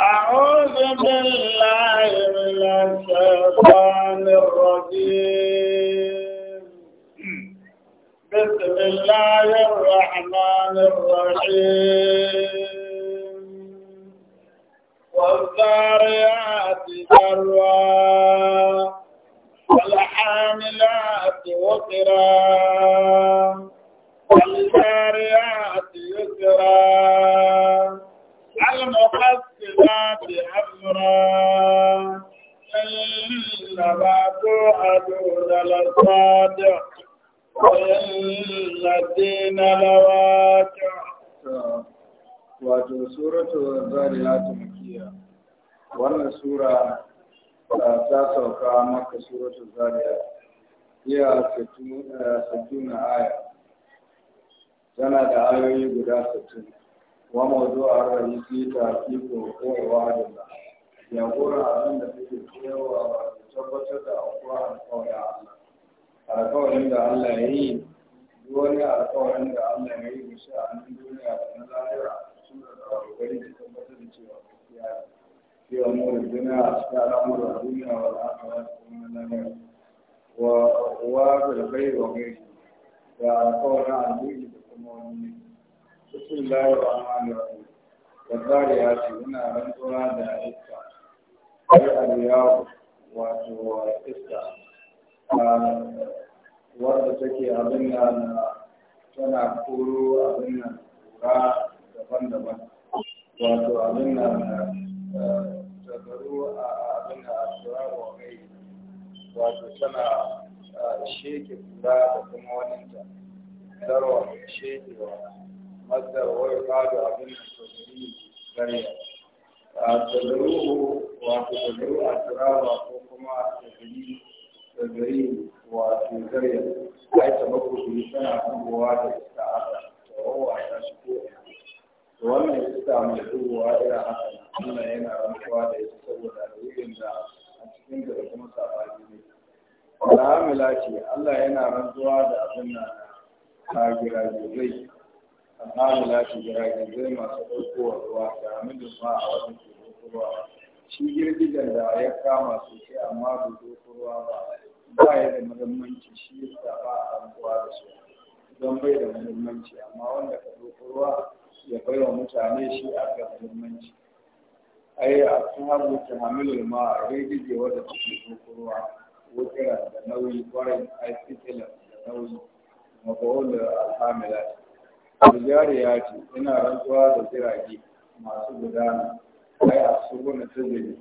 أعوذ بالله من الشيطان الرجيم بسم الله الرحمن الرحيم والذاريات ذروا والحاملات وقرا والجاريات أمرا المقسمات أمرا إنما توعدون لصادق وإن الدين لواقع wato suratu zariyatu makiya wannan sura ta sauka maka suratu zariya iya sattuna aya 原来还有一个事情，王某二的一起的皮肤偶尔痒痒，眼红红的，皮肤还有就是胳膊上的红红的。他说：“应该冷了，因为他说应该冷了，没有事。”他说：“因为那个太阳，他那个太阳晒的，他那个我我准备我们，他早上出去。” kuma wani ne bismillahi da rahim wazari ya ce yana rantsuwa da iska ai aliyahu wato wa iska wanda take abin da nan tana koro abin nan kura daban-daban wato abin da na tabaru a abin da asura wa wato tana sheke kura da kuma waninta zarwa shekewa masar wai kado abin da sosai zarya a tadaruhu wato tadaru a turawa ko kuma tadari tadari wato zarya ai tabako su tana dubowa da iska haka da wawa ta shi ko da wannan ita mai dubowa irin haka Allah yana rantsuwa da ita saboda dalilin da a cikin da kuma sabani ne. Alhamdulillah Allah yana rantsuwa da abin nan a giragizai a halilatu giragizai masu ɗaukowa ruwa da aminin ma a wajen ke ruwa shi girgizan da ya kama sosai amma bai ɗauko ruwa ba ba ya da muhimmanci shi yasa ba a rabuwa da su don bai da muhimmanci amma wanda ka ɗauko ruwa ya bai wa mutane shi a ga muhimmanci ai a sahabu ta hamilul ma a girgizewa da take ɗauko ruwa wukira da nauyi kwarai ai fitilar da nauyi mafa'ul alhamilat aljariyati ina rantsuwa da jirage masu gudana ai asubuna tajri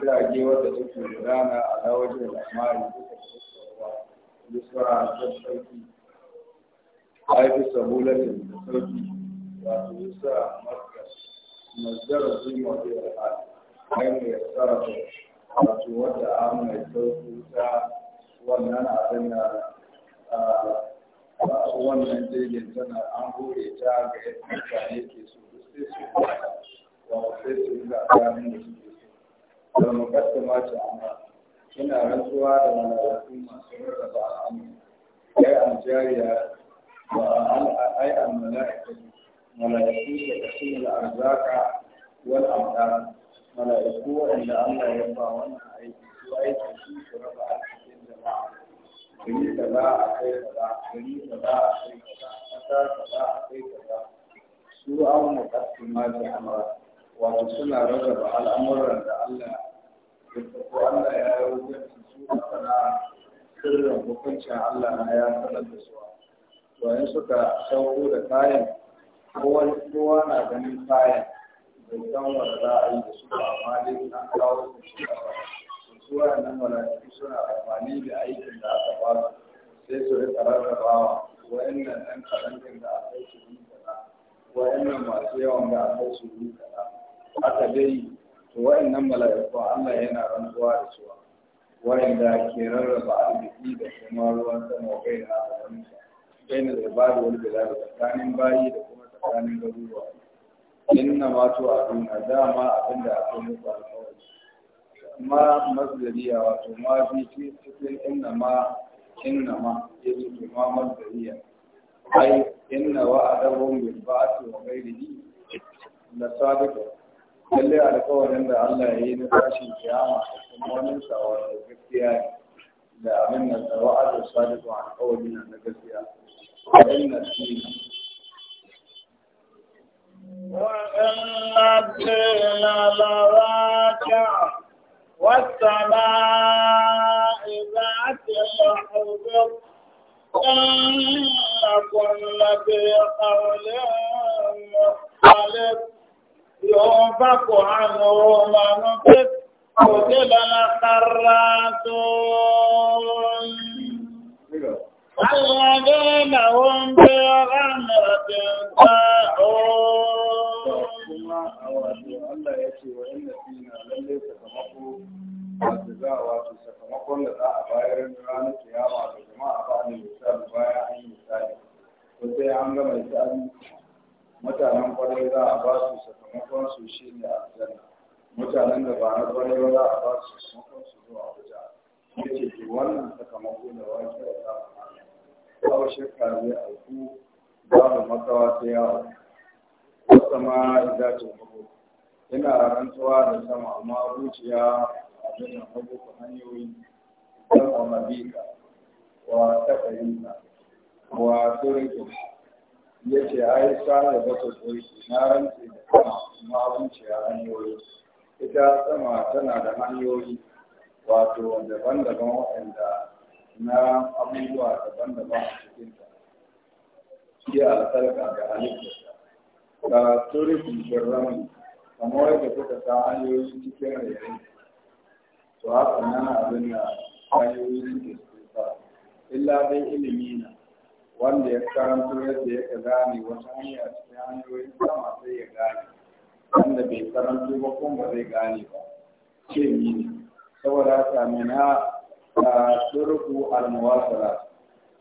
jirage wanda suke gudana a lawajin al'amari duka da sura ta sauki ai fi sabulatin da sauki wato yusa markas mazdara zuwa da al'ada ai mai sarrafa wato wadda an ya sauki ta wannan abin da wannan jirgin tana an hore ta ga yadda mutane ke so sai su ba sai su ga tsarin da suke so da mukasta ma ce amma ina rantsuwa da malarakun masu rarraba al'amari ai an jariya wa ai an mala'ika mala'iku da kasu da arzaka wal amdar mala'iku wanda Allah ya ba wannan aiki su aiki su raba a cikin jama'a gari a kai kaza gari kaza akwai kaza kasa kaza akwai kaza su an mukaddima da amara wato suna rarraba al'amuran da Allah ya ko Allah ya yi hukunci su masana sirrin hukuncin Allah na ya sanar da su to in suka sauko da kayan kowa na ganin kayan bai san wanda za a yi da su ba amma dai an kawo su shi a su waɗannan malaiku suna amfani da aikin da aka ba su sai su rika rarrabawa wa'annan ɗan kaɗan da aka su yi kaza wa'annan masu yawan da aka yi su yi kaza haka dai to wa'annan malaiku Allah yana rantsuwa da su wayanda ke rarraba arziki da kuma ruwan sama kai na alamun bayan al-ibad wal bilad tsakanin bayi da kuma tsakanin garuruwa inna ma to a duniya dama abinda aka yi muku ما مصدريا وما في سفر إنما إنما يجب ما مصدريا أي إن وعدهم بالبعث وغيره لصادقه كل على قول عند الله هي نفاش القيامة ومن سوى الفتياء لا من الوعد الصادق عن قولنا نجزيا وإن الدين وإن الدين لا راكع والسماء ذات الحبط إنكم لفي قول مختلف يوفك عنه من فت قتل الخراسون الذين هم في غمرة ساحون sakamako wato za a wato sakamakon da za a bayar ranar kiyama da jama'a ba ne misali bayan an yi misali ko sai an gama misali mutanen kwarai za a ba su sakamakon su shi ne mutanen da ba na kwarai ba za a ba su sakamakon su zuwa wuta ya ce wannan sakamako da wani ya samu kawai shekara zai auku babu makawa ta yawa. wasu ma idan ce mako ina rantsuwa da sama amma zuciya abin da hagu ku hanyoyi don ka. wa taɓayinka wa turiki ya ce ai sa da bata turki na rantsi da sama amma zuciya hanyoyi ita sama tana da hanyoyi wato daban-daban waɗanda na abubuwa daban-daban a cikinta Ya a da ga halittarsa ga turkin shirramin kamar yadda kuka sa hanyoyi cikin rai to haka nan abin da hanyoyi suke tsufa illa dai ilimi na wanda ya karanto yadda ya ka gane wata hanya cikin hanyoyin sama sai ya gane wanda bai karanto ba kuma ba zai gane ba ce ne saboda haka mina a turku almuwasala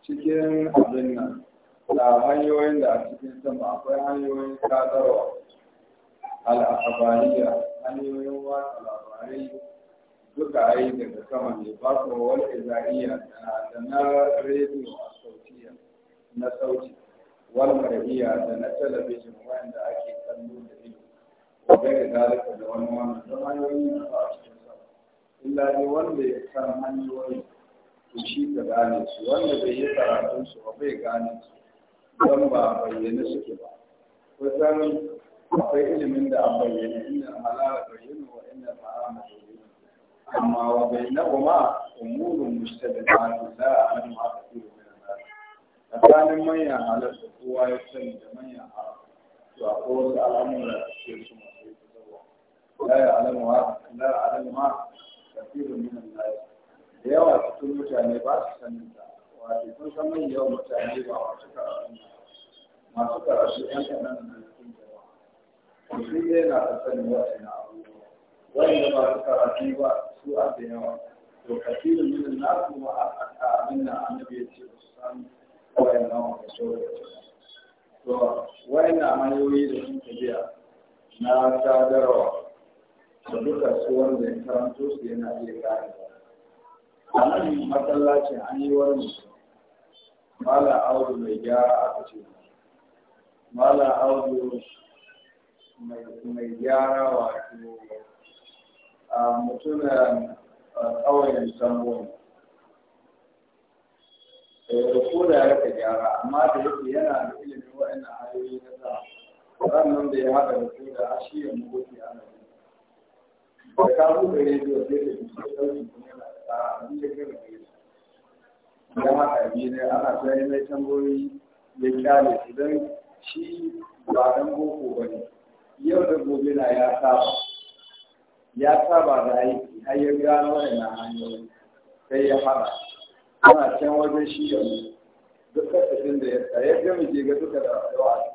cikin abin nan da hanyoyin da a cikin sama akwai hanyoyin sadarwa al'akabariya hanyoyin watsa labarai duka yi daga sama ne ba ku wata zariya da na rediyo a sautiya na sauti wal marhiya da na talabijin wanda ake kallo da ido ko bai da dalika da wani wani don hanyoyi na ba a cikin sama illa ne wanda ya san hanyoyi to shi ka gane su wanda bai yi karatun su ba bai gane su don ba bayyane suke ba kusan akwai ilimin da an bayyana inda halala bayyana wa inda ma'ama bayyana amma wa bayyana kuma umurun mushtabihatu la an ma kafiru min al-nas tsakanin manyan halal da kowa ya sani da manyan haram to akwai wasu al'amura da suke su masu zuwa la ya'lamu ma la ya'lamu ma kafiru min al-nas da yawa cikin mutane ba su sanin ta wato kun san manyan mutane ba wasu karatu masu karatu 'yan kaɗan nan su ne na da sanin wa'ina a wanda ba su karatu ba su an da yawa to kasirin minin na ma a abin nan annabi ya ce ba su san wa'ina wa ka so da to wa'ina hanyoyi da sun tafiya na sadarwa da duka su wanda ya karanto su yana iya gane a nan masallacin an yi wani mala audu mai gyara a kace mala audu mai gyara wato mutumin ƙauyen sambon eh, ko da ya rika gyara amma da yake yana da ilimin wa'annan hanyoyi na sa sannan da ya haɗa da ko da ashiyar mugoki a nan da ka buɗe rediyo sai da ke ɗauki kuma yana da abin da kai rike ya haka biyu ne ana tsaye mai tambayoyi ya kyale idan shi ba ɗan boko ba ne yau da gobe na ya saba ya saba da aiki har ya gano da na hanyoyi sai ya fara ana can wajen shi da mu duk kasashen da ya tsaye ya mu ke ga duka da wa'azi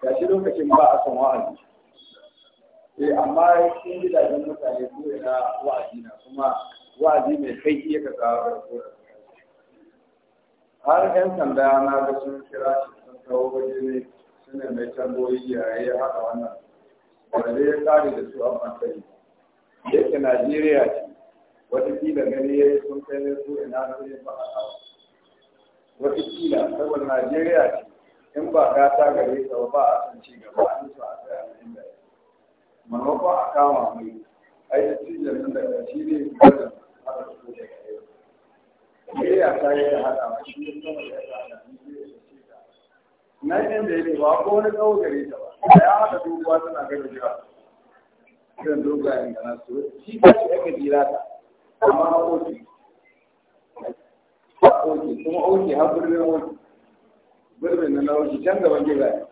ga shi lokacin ba a san wa'azi eh amma cikin gidajen mutane ya na wa'azi na kuma wa'azi mai kai ya ka kawo da kowa har yan sanda na ga sun kira shi sun kawo waje ne suna mai tamboyi yayi haka wannan wanda ya kare da su a matsayi yake najeriya ce watakila gani ya yi sun kai ne su ina su yi ba a kawo watakila saboda najeriya ce in ba ta gare ta ba a san ci gaba a su a tsaya na inda ya maimakon a kama mai ai cikin nan da shi ne gwada haka su da ya yi ta yi da hada shi ne sama da ya nan yin da ya ne ba ko wani tsawo gare ta ba ya haka dubuwa suna gaba jira irin dogayen da na so shi ka ce aka jira ta amma a oke kuma oke har birnin wani birnin na lauki can gaba gida ne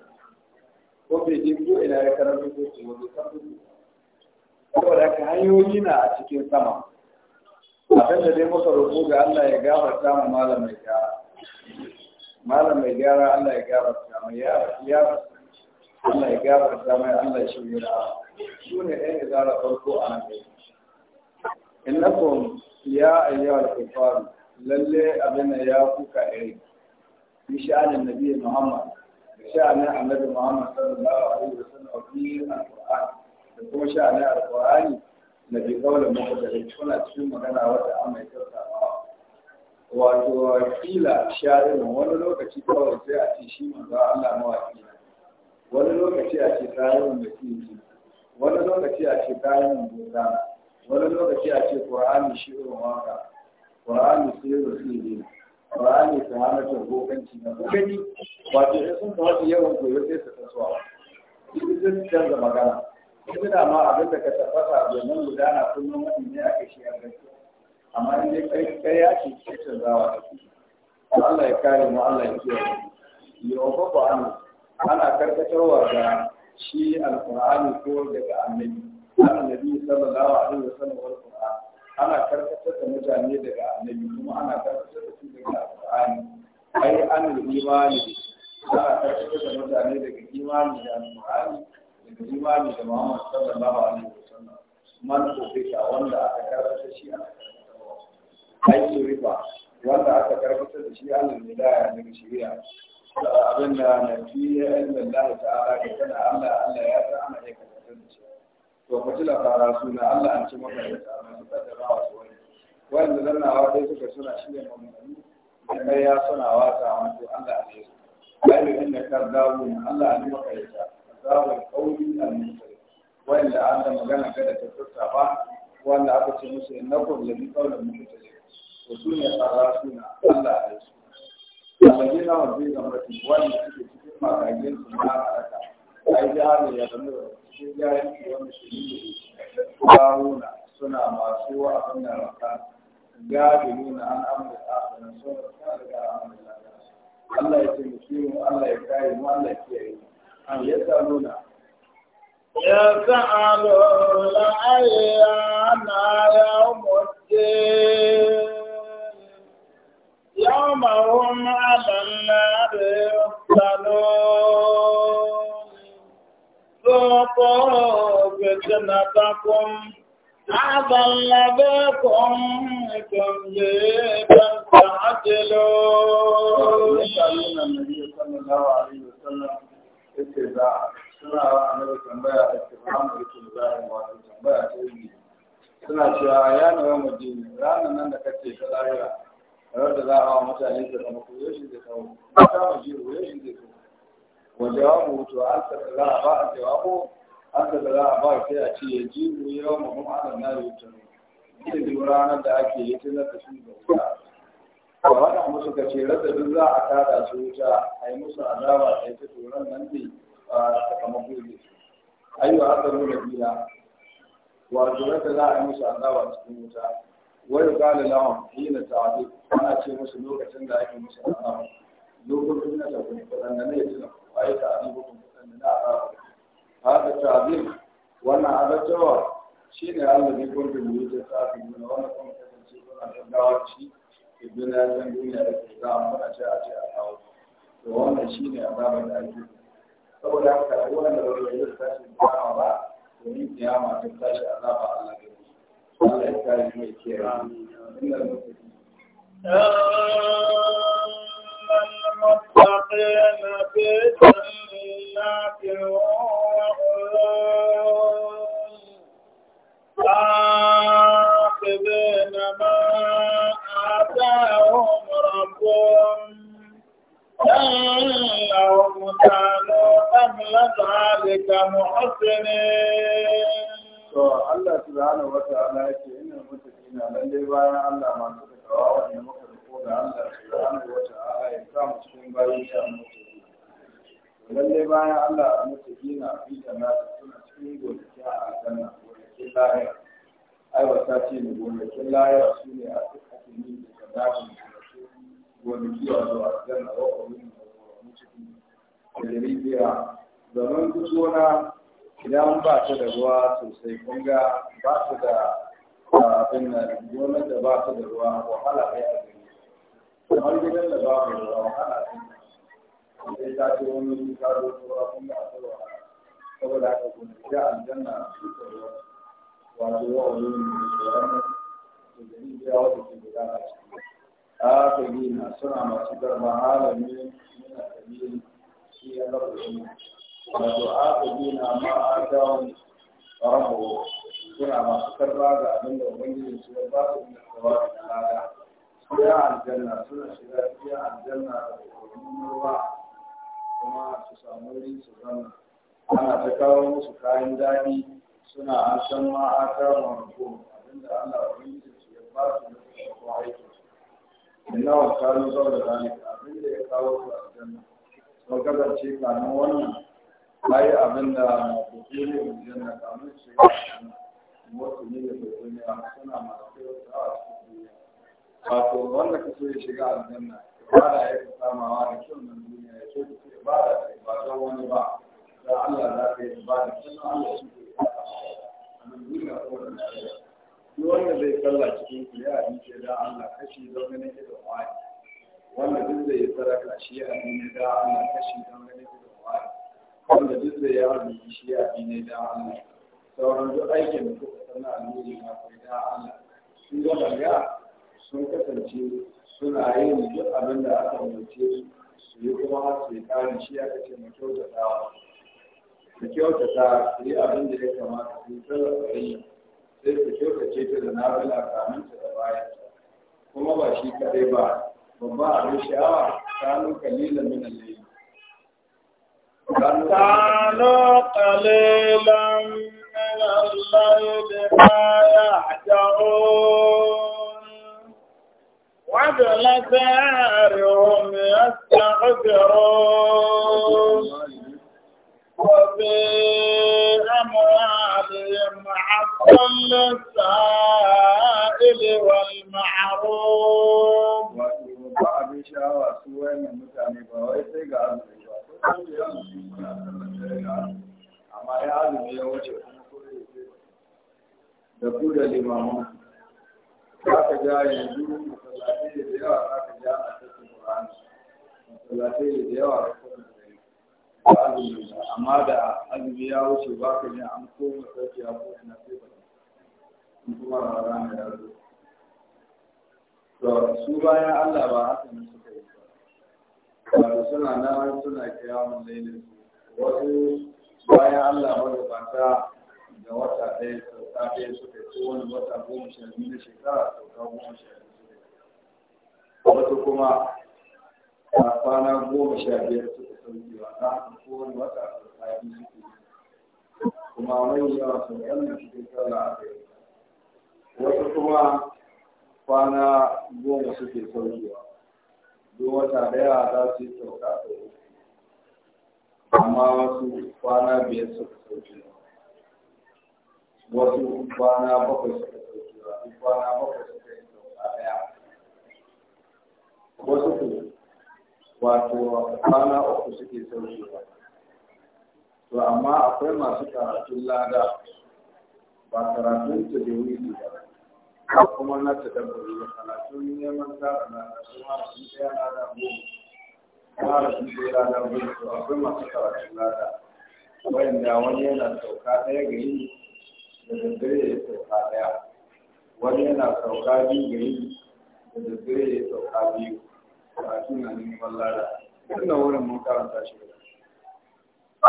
ko bai je ko ina ya karanta ko ce wani karfi Kuma ka hanyoyi na a cikin sama abinda dai muka roƙo ga Allah ya gafarta mu malam mai malam mai gyara Allah ya gyara ta mai ya ya Allah ya gyara ta mai Allah ya shirya da su ne ɗan izara farko a nan gari innakum ya ayyuhal kufar lalle abin ya kuka iri bi sha'anin nabi Muhammad da sha'anin annabi Muhammad sallallahu alaihi wasallam fi al-Qur'an da kuma sha'anin al-Qur'ani da bi kaulin mukaddari kuna cikin magana wata an mai tsarkawa wato kila sharin wani lokaci kawai sai a ce shi manzo Allah mawaki wani lokaci a ce tsarin mutum wani lokaci a ce tsarin da wani lokaci a ce qur'ani shirin waka qur'ani shi ne qur'ani sahamatar bokanci na gani wato sai sun kawo yawan koyo sai su tsawa duk sun canza magana duk da ma abin da ka tabbata domin gudana kullum wani ne aka shi a gaske amma in dai kai kai ya ce ke canzawa da Allah ya kare mu Allah ya kiyaye mu yawa ba an ana karkatarwa ga shi alqur'ani ko daga annabi annabi sallallahu alaihi wasallam wal qur'an ana karkatar da mutane daga annabi kuma ana karkatar da su daga alqur'ani ai an imani za a karkatar da mutane daga imani da alqur'ani daga imani da Muhammad sallallahu alaihi wasallam man ko wanda aka karkata shi aka aiki riba wanda aka karfafa da shi Allah ne da daga shari'a abin da na fi ilmin Allah ta'ala ga kana Allah Allah ya san ana iya karfafa da shi to ku tila fara suna Allah an ci maka da ta'ala su kaddara wa su wani wanda zannawa dai suka suna shirya mamaki da kai ya suna wata wato Allah su. ne ayi da ka dawo Allah ne maka da ta zawo kauli a musallim wanda an da magana kada ta tsaba wanda aka ce musu innakum labi qawlan mutalib to su ne tsara suna Allah da su alaji na wajen da mutum wanda suke cikin makagen su na haraka a yi ya zama da cikin yayin su wanda su yi kawuna suna masu wa abin da raka gadi nuna an amurka a nan sun rasa daga amurka Allah ya taimake mu Allah ya kare mu Allah ya kiyaye mu ya nuna يسألون أيان يوم الدين يوم هم على النار يفتنون ذوقوا فتنتكم هذا الذي كنتم به تستعجلون. suna wa tambaya a da tambaya ta yi cewa ya nawa madina ranan nan da kace ta lahira rawar da za a hawa mutane ta zama ko shi zai kawo ba ta mu ji ko shi zai kawo wa jawabu to an ta za a ba a jawabu an ta za a ba sai a ce ya ji mu yau mu mu ana na yi tun da duk ranar da ake yi tun da shi ga wuta A haka musu suka ce rasa duk za a tada su wuta a yi musu azaba sai ta turan nan ne a sakamako ne ayyuka nuna biya wato rasa za a yi musu azaba cikin wuta wai qala lawan hina ta'ati ana ce musu lokacin da ake musu azaba lokacin da take fadanda ne tuna ai ta'ati ko fadanda na azaba hada ta'ati wannan azabawa shine Allah ne kun da mu ta ta'ati mun wannan kuma kasance kuna da dawaci ibn azan duniya da ke za a mu ce a ce a kawo to wannan shine azaba da ake saboda haka wannan da bai yi tashi ba ba domin kiyama ta tashi azaba Allah المتقين في جنات وعيون آخذين ما آتاهم ربهم إنهم كانوا قبل ذلك محسنين to Allah su wata subhanahu wa ta'ala yake mutu mutaqina lalle bayan Allah masu takawa wanda muka riko da Allah su subhanahu wata ala ya sa mu cikin bayan sha mutaqina lalle bayan Allah a mutu fita na jannati suna cikin gonaki a aljanna gonakin lahira ai wata ce ne gonakin lahira su ne a cikin ni da kadafin gonaki a zuwa aljanna wa kuma mu cikin da ribiya zaman kusurwa idan ba ta da ruwa sosai kun ga ba su da abin na gonar da ba su da ruwa wahala ne a gari kamar gidan da ba su da ruwa wahala ne sai ta ce wani su ta zo ruwa kun ga akwai wahala saboda haka kun ga aljanna su ta ruwa wato wa wani ne da wani da gari gida wata ke su a ka gina suna masu garba halin ne muna gari shi ya rabu da wato aqidina ma atahum rabbuhum suna masu karba ga abin da ubangiji su ya ba su da tsawa da lada ya aljanna suna shiga cikin aljanna da kokarin ruwa kuma su samu wurin su zanna ana ta kawo musu kayan daɗi suna an san ma atahum rabbuhum abinda Allah ubangiji su ya ba su da tsawa aiki inna wa kalu da zalika abinda ya kawo su aljanna sun ce kanin wannan ai abin da kuke yin janna kamar shi wasu ne da duniya suna masu yawa a cikin duniya wato wanda ka so ya shiga aljanna ibada ya fi samawa da kyau na duniya ya so ta ba da ibadan wani ba da Allah za ka yi ibada sannan Allah shi ke ibada a nan duniya ko da lafiya duk wanda zai kalla cikin ku ya yi abinci da Allah kashi zaune nake da wani wanda duk zai yi sadaka shi ya abinci da Allah kashi zaune wanda duk da ya rubuta shi ya fi ne da Allah sauran duk aikin da kuka sana alheri na fi da Allah sun gaba ga sun kasance suna yin duk abin da aka umarce su yi kuma har su yi ƙarin shi ya ce mu kyautata. mu kyautata su yi abin da ya kamata su yi sarrafa yi sai su kyautace ta da nabila kamin ta da baya kuma ba shi kaɗai ba babba abin sha'awa kanu kalilan min al فكانوا قليلا من الليل ما يهجعون وبالأسارهم يستغفرون وفي أموالهم حق للسائل والمعروف وأبي amma ya azumi ya wuce kuma da ku da limamu za ka ja yanzu masallatai da yawa za ka ja a cikin Qur'ani masallatai da yawa a cikin azumi amma da azumi ya wuce ba ka ne an koma sauki a ko na sai ba in kuma rana ya zo to su bayan Allah ba haka ne suka yi wato suna nan suna kiyamun lailin wasu bayan Allah magabata da wata ɗaya sauka ɗaya suka ci wani wata goma sha biyu na shekara sauka goma sha biyu wasu kuma a kwana goma sha biyar suka sauki wa na kowane wata sauka biyu suke kuma mai yawa sun ɗan cikin sallah a kai wasu kuma kwana goma suke sauki wa duk wata da yawa za sauka da amma kwana biyar suka sauke wasu kwana bakwai suka sauke wasu kwana bakwai suka yi sauka daya wasu ku wato kwana uku suke saukewa to amma akwai masu karatun lada ba karatun da kuma na ta dabbari da karatun neman ta na da kuma rasu ɗaya na da goma kuma rasu ɗaya na da mu to akwai masu karatun lada wanda wani yana sauka ɗaya gari da daddare ya sauka ɗaya wani yana sauka biyu gari da daddare ya sauka biyu karatu na neman lada wannan wurin mun karanta shi da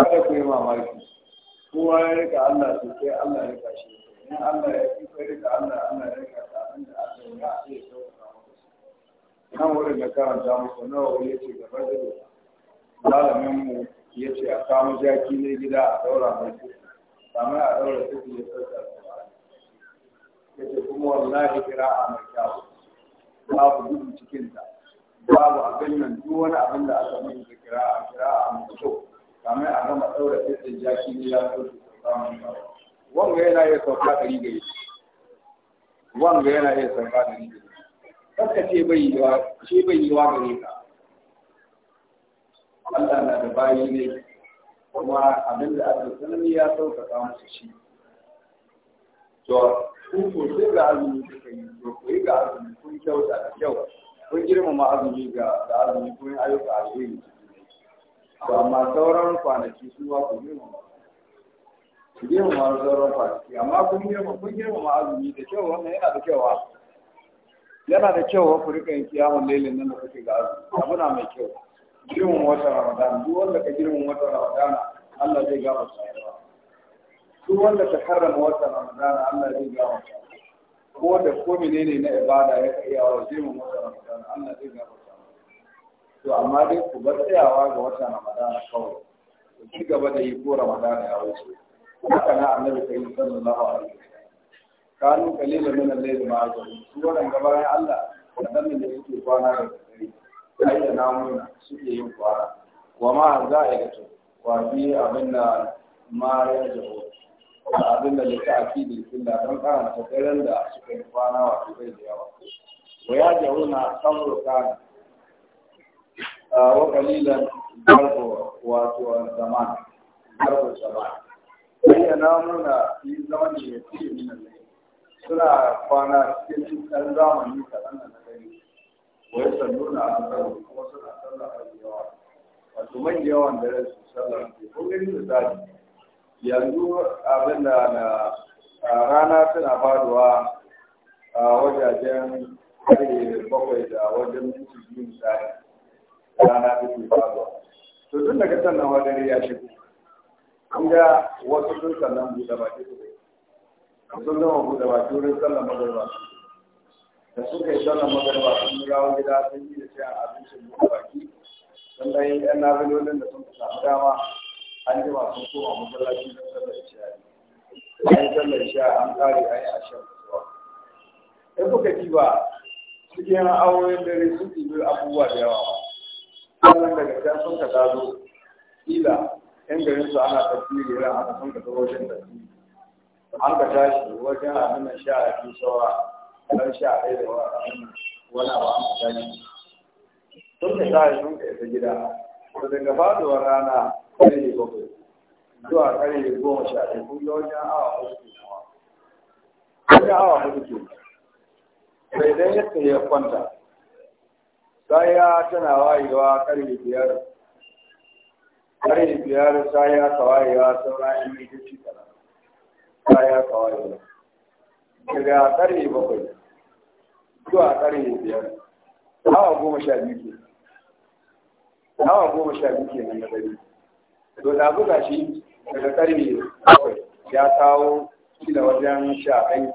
kada ku yi mamaki kowa ya rika Allah sosai Allah ya rika shi in Allah ya ci kai da Allah Allah ya rika ta abin da Allah ya ce ya sauka maka su nan wurin da karanta muku nawa wani ce yace ga rajulu malamin mu ce a samu jaki ne gida a daura mai su kamar a daura su ya sauka su ce kuma wallahi kira'a mai kyau babu gudu cikinta. babu abin nan duk wani abin da aka mutu da kira'a kira'a mai kyau kamar a gama daura su jaki ne ya sauka su kamar wanga yana iya sauka ɗari yi wanga yana iya sauka ɗari gari kanka ce bai yi ce bai yiwa gare ka Allah na da bayi ne kuma abin da aka sanani ya sauƙaƙa musu shi to ku ko sai ga azumi kuka yi to ku yi ga azumi kun kyauta da kyau kun girmama azumi ga da azumi kun ayyuka alheri to amma sauran kwanaki su ba ku girmama ku mu ma sauran kwanaki amma kun girma kun da kyau wannan yana da kyau yana da kyau ku rika yin kiyamun lailin nan da kuke ga azumi abu na mai kyau girman watan ramadan duk wanda ka girman watan ramadan Allah zai gama sa duk wanda ka harrama watan ramadan Allah zai gama sa ko da ko menene na ibada ya kai yawa girman watan ramadan Allah zai gama sa to amma dai ku bar tsayawa ga watan ramadan kawai ku ci gaba da yi ko ramadan ya wuce haka na annabi kai sallallahu alaihi wasallam kanu qalilan min al-layli ma azum su wannan gaban Allah kadan da suke kwana da dare ayyana mu suke yin kwana wa ma za'ikatu wa fi abinda ma ya jawo abin da lita a da filla don karanta daren da suka yi kwana wa su bai da yawa wa ya jawo na samun kana wa kalilan garbo wato zaman garbo zaman sai muna yi zamani ya fiye min allai suna kwana cikin ɗan zamani kaɗan da na gani wai sallu na asarau kuma suna sallah a yawa wato man yawan dare su sallah ke ko gani misali yanzu abin da na rana suna faduwa a wajajen kare bakwai da wajen minti biyu misali rana take faduwa to tun daga sannan wadare ya shigo inda wasu sun sallan buɗe baki su kai sun gama buɗe baki wurin sallan magarba da suka kai sallan magarba sun yi rawar gida sun yi da sai a abincin buɗe baki sun ɗan 'yan ɗan nabilolin da sun samu dama an ji sun koma masallaci don sallar isha'i bayan sallar isha'i an ƙare a yi ashirin kusurwa in kuka ci ba cikin awoyin dare sun ɗibi abubuwa da yawa ba. sannan daga can sun ka tazo ila in garin su ana tafsiri ran aka sun ka zo wajen tafsiri an ka tashi wajen abin nan sha a biyu saura ran sha a ɗaya da wani abu an ka tashi sun ka tashi sun ka isa gida to daga faduwar rana ƙarfe bakwai zuwa ƙarfe goma sha ɗaya kun ga wajen awa hudu wajen awa hudu ke sai dai yadda ya kwanta sai ya tana wayewa ƙarfe biyar har yi biyar sa ya kawayewa sauran in yi da, kala sa ya kawayewa daga ƙarfe bakwai zuwa ƙarfe biyar hawa goma sha biyu ke hawa goma sha biyu ke nan da dare to da buga shi daga ƙarfe bakwai ya kawo da wajen sha ɗai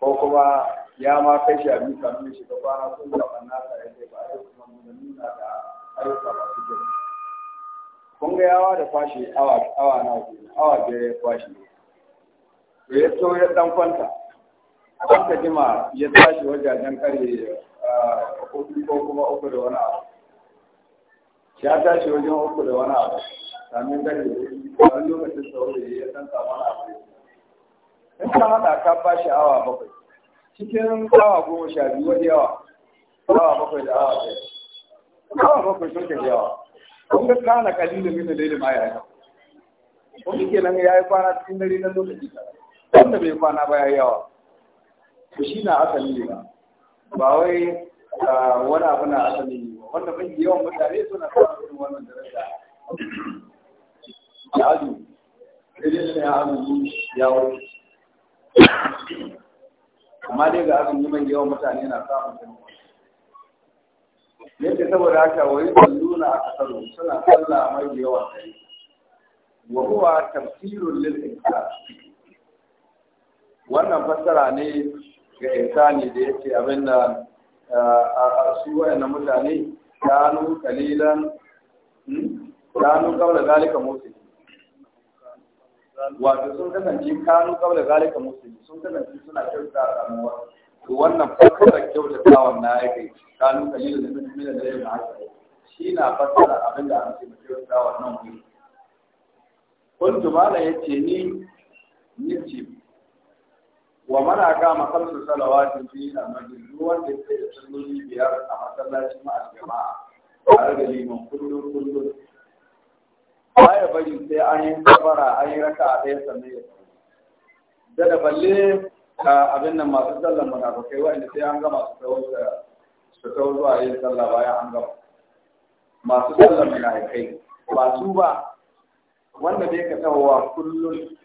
ko kuma ya ma kai sha biyu kamar shiga kwana ko da wannan sa ya kai ba a yi kuma nuna da ayyuka masu kyau kun ga yawa da fashi awa awa na awa da ya kwashe to ya so ya dan kwanta an ka jima ya tashi wajajen karye ko kuma uku da wani abu ya tashi wajen uku da wani abu kamin karye wani lokacin saurayi ya san samu na abu in ka haɗa ka ba shi awa bakwai cikin awa goma sha biyu wani yawa awa bakwai da awa biyar awa bakwai sun ka yawa kun ga kana kalilin min daidai ma ya yawa kun ke nan ya yi kwana cikin dare na lokaci wanda bai kwana ba ya yawa to shi na asali ne ba wai ah, wani abu na asali ne ba wanda mai yawan mutane suna samun wannan daraja ya azumi sai dai ya azumi ya wuce amma dai ga azumi mai yawan mutane na samun daraja yake saboda haka wai salluna a kasar suna kalla mai yawa kai wa huwa tafsirul lil wannan fassara ne ga insani da yake da a su wayannan mutane kanu kalilan hmm? kanu kawla zalika musulmi wato sun kasance kanu kawla zalika musulmi sun kasance suna kyauta a samuwa to wannan fassara kyautatawan na ya kai kanun kalilu da min min da na haka shi na fassara abin da an ce mu kyautatawan nan wuri kuntu ya ce ni ce wa mana ga makamsu salawatin fi al-masjid wanda ke da salloli biyar a masallacin ma'a jama'a tare da liman kullum kullum baya bari sai an yi kabara an yi raka a ɗaya sannan ya da da balle abin nan masu sallar munafukai wa'anda sai an gama su kawo su kawo zuwa yin sallah bayan an gama masu sallar munafukai ba su ba wanda bai ka wa kullum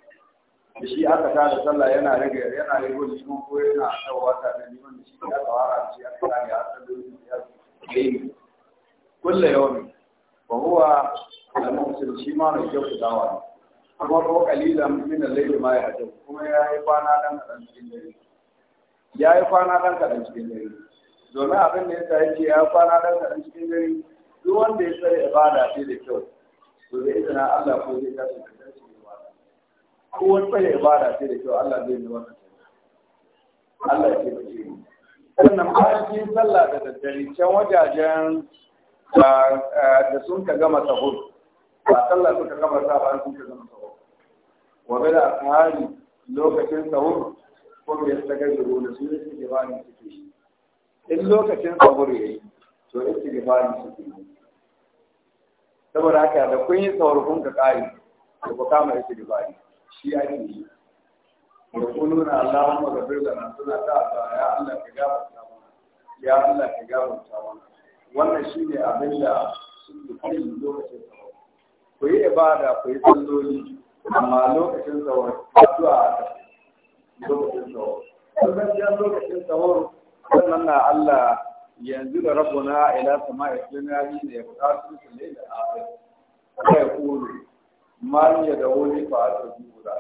da shi aka ta da sallah yana rage yana rage shi ko yana tawowa ta da liman da shi ya tsawara shi aka ta ya sallolin ya yi kullum yau ba huwa da mutum shi ma mai kyau dawa ne kuma ko kalilan min al-layl ma yahdu kuma ya yi kwana dan kadan cikin dare yi kwana dan kadan cikin dare domin abin da yasa yake ya yi kwana dan kadan cikin dare duk wanda ya tsare ibada ce da kyau to da izina Allah ko zai kasu da kasu ba ko wani tsare ibada ce da kyau Allah zai yi wannan Allah ya taimake mu sannan bayan kin sallah da daddare can wajajen ah, ah, da sun ka gama sahur ba sallah suka gama sa ba sun ka gama sahur wa bada kari lokacin sahur ko ya saka jiro da su istighfarin suke shi? in lokacin sahur yayi to istighfarin suke yi saboda haka da kun yi sahur kun ka kari to ku kama istighfari shi ake yi يقولون اللهم اغفر لنا سنة يا الله ka gafarta mana ya Allah ka gafarta mana wannan shine abin da suke kai lokacin sahur ku yi ibada ku yi salloli amma lokacin tsawon addu'a a ƙasa lokacin tsawon gaskiya lokacin tsawon sannan na Allah yanzu da rabbuna ila sama'i dunyari ne ya fada su su ne da akhir sai kulu man ya da wani fa ta dubura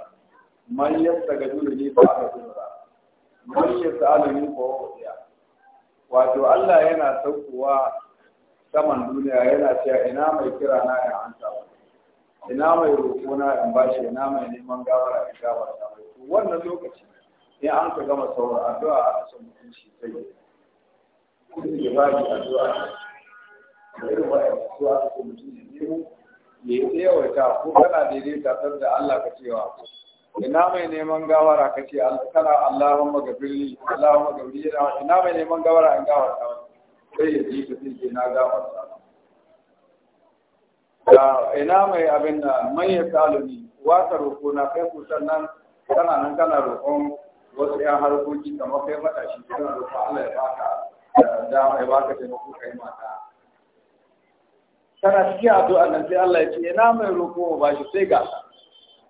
man ya daga dole ne fa ta dubura man ya sa'ala min ko ya wato Allah yana saukowa saman duniya yana cewa ina mai kira na ya anta ina mai roƙo na in bashi ina mai neman gawara in gawara ta mai to wannan lokaci in an ka gama sauran addu'a a san mutum shi sai ya yi ba shi addu'a da irin wa'anda su aka ce mutum ya nemo ya yi tsayawaita ko kana daidaita tar da Allah ka cewa ina mai neman gawara ka ce kana Allahumma gabirli Allahumma gabirli ina mai neman gawara in gawara ta sai ya ji ka sai ke na gawara ina mai abin da manyan saloni wata roƙo na kai kusan nan kana nan kana roƙon wasu 'yan harkoki kamar kai matashi kana roƙon Allah ya baka eh, da ya baka taimako kai mata kana cikin addu'a nan sai Allah ya ce ina mai roƙo ba shi sai ga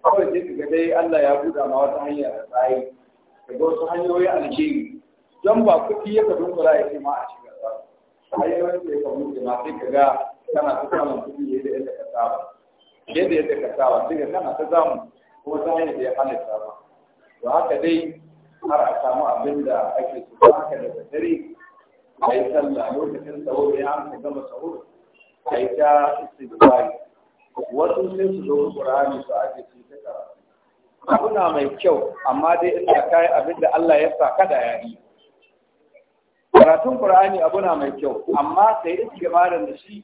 kawai sai kaga dai Allah ya buɗa ma wata hanya da tsayi da wasu hanyoyin alheri don ba kuɗi ya ka dunkula ya ce ma a cikin ba hanyoyin da ya ka buɗe ma sai kaga kana ta samun kuɗi yadda yadda ka saba yadda yadda ka saba sai ka kana ta zamu kuma ta hanyar da ya halitta ba to haka dai har a samu abin da ake so haka da dare a yi sallah lokacin sahur ya amsa gama sahur a yi ta istighfari wasu sai su zo qur'ani su ake ci ta karatu abuna mai kyau amma dai in ka kai abin da Allah ya sa kada ya yi karatun qur'ani abuna mai kyau amma sai istighfarin da shi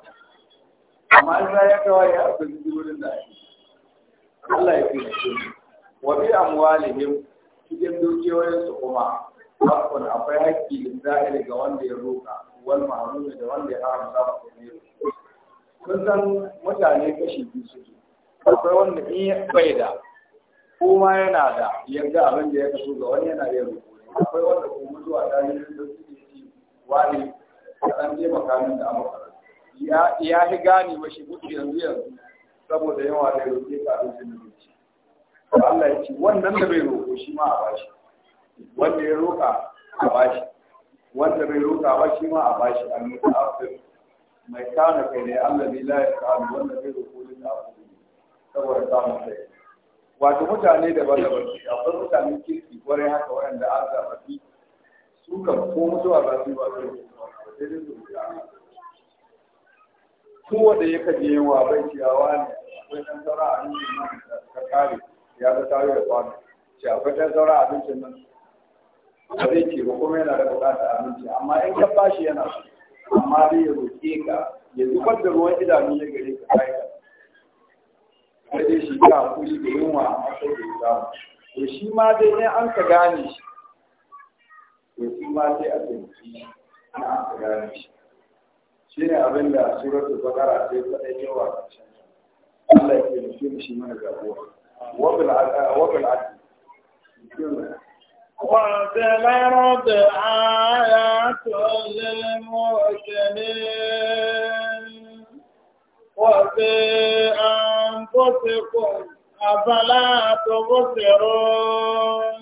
amma in ya kawo ya asali wurin da ake Allah ya fiye su wa bi amwalihim cikin dukiyoyin su kuma hakkun akwai hakki haƙƙi lisa'il ga wanda ya roka wal ma'amuni da wanda ya haramta ba ne kun san mutane kashi biyu suke akwai wanda in bai da Kuma yana da yadda abin da ya kaso ga wani yana iya roƙo akwai wanda kuma zuwa dalilin da suke ci wani kaɗan taimaka min da amurka ya fi gane shi buɗe yanzu yanzu saboda yawa da yau ka abincin da na Allah ya ce wannan da bai roƙo shi ma a bashi wanda ya roƙa a bashi wanda bai roƙa ba shi ma a bashi a nuna afirka. mai kana kai ne Allah ne la ya kama wanda bai roƙo ne da afir saboda samun kai wato mutane daban-daban akwai mutane kirki kwarai haka waɗanda an zaɓa su kan ko mutuwa za su yi ba su sai su kowane ya kaje wa bai ciyawa ne akwai ɗan saura abincin nan ka kare ya ga tayo ya kwano ce akwai ɗan saura abincin nan ba zai ce ba kuma yana da buƙatar abinci amma in ka bashi yana so amma dai ya roƙe ka ya zubar da ruwan idanu ya gare ka kai ka sai dai shi ka hakuri da yunwa a matsayin da ya samu to shi ma dai in an ka gane shi to shi ma sai a tsinci in an ka gane shi shi ne abin da suratul bakara sai ta ɗan yawa Allah ya taimake mu shi mana gabuwa wabil wabil وفي الأرض آيات للمؤمنين وفي أنفسكم أفلا تبصرون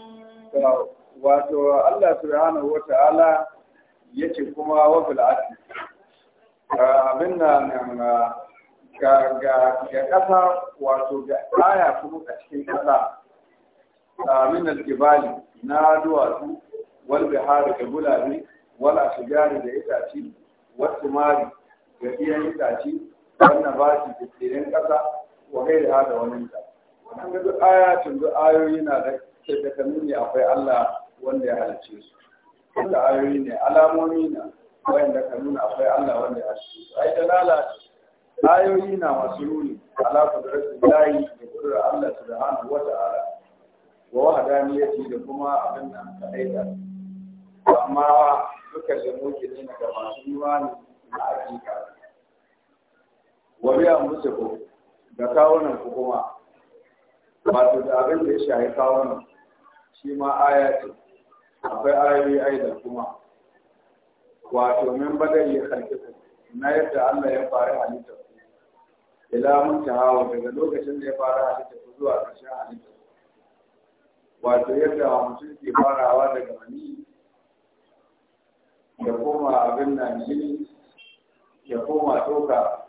wato Allah subhanahu wa ta'ala yace kuma wa fil abin da ga ƙasa wato ga aya kuma a cikin ƙasa min al-jibali na duwatsu wal bihari da gulabi wal ashjari da itaci wal tumari da iyan itaci wal nabati da tsirin ƙasa wa da hada wani ta wannan ga duk ayatun duk ayoyi na da ke da akwai Allah wanda ya halicce su wanda ayoyi ne alamomi na wanda ka nuna akwai Allah wanda ya ci ai da dalala ayoyi na masu nuni ala kudratin layi da kudrar Allah su da hannu wata ta'ala wa wahdaniyati da kuma abin da nan kadaita amma duka da muke ne daga masu imani na hakika wa biya musu da kawunan ku kuma wato da abin da ya shahi kawunan shi ma aya akwai ayoyi aidan kuma wato min badai ya kalkiku na yadda Allah ya fara halitta ku ila mun ta hawa daga lokacin da ya fara halitta ku zuwa ƙarshen halitta wato yadda mutum ke farawa daga mani ya koma abin nan jini ya koma toka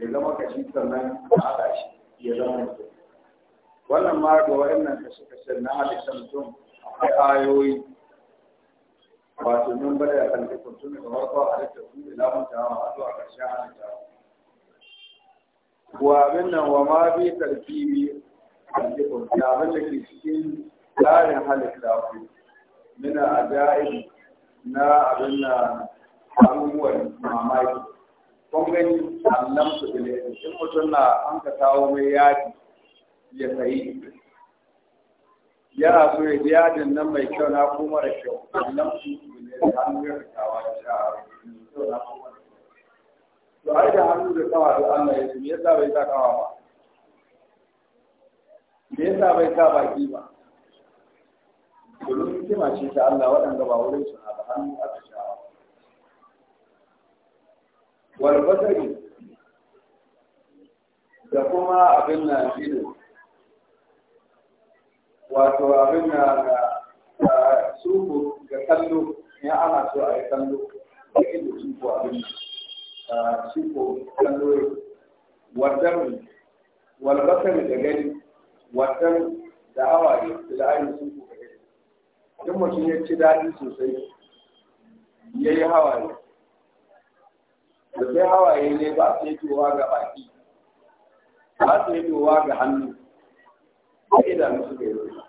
ya zama kashi sannan a haɗa shi ya zama mutum wannan ma ga waɗannan kashe-kashen na halittar mutum akwai ayoyi wato min bada ya kalli kuntum da farko a da ku da mun ta ma zuwa ƙarshen halitta wa abin nan wa ma bi tarkibi kallikun da abin da ke cikin tsarin halitta ku mina ajaib na abin na abubuwan mamaki kun gani allam su bile in mutum na an ka kawo mai yaji ya sayi yana so ya ji yadin nan mai kyau na ko mara kyau wannan su ne da hannu ya fitawa da kyau na ko mara kyau to ai da hannu da kawa da Allah ya yi yasa bai ta kawa ba me yasa bai sa baki ba domin kima ce ta Allah waɗanda ba wurin su na da hannu aka shawa wal basari da kuma abin nan ne wato abin na suku ga kallo ya ana so a yi kallo da inda suku abin su suku kallo ya wadan walbakar da gani wadan da hawa hawaye da la'ayin suku ga gani idan mutum ya ci daɗi sosai ya yi hawa hawaye da sai hawaye ne ba su yi tuwa ga baki ba su yi tuwa ga hannu da idanu suka yi yi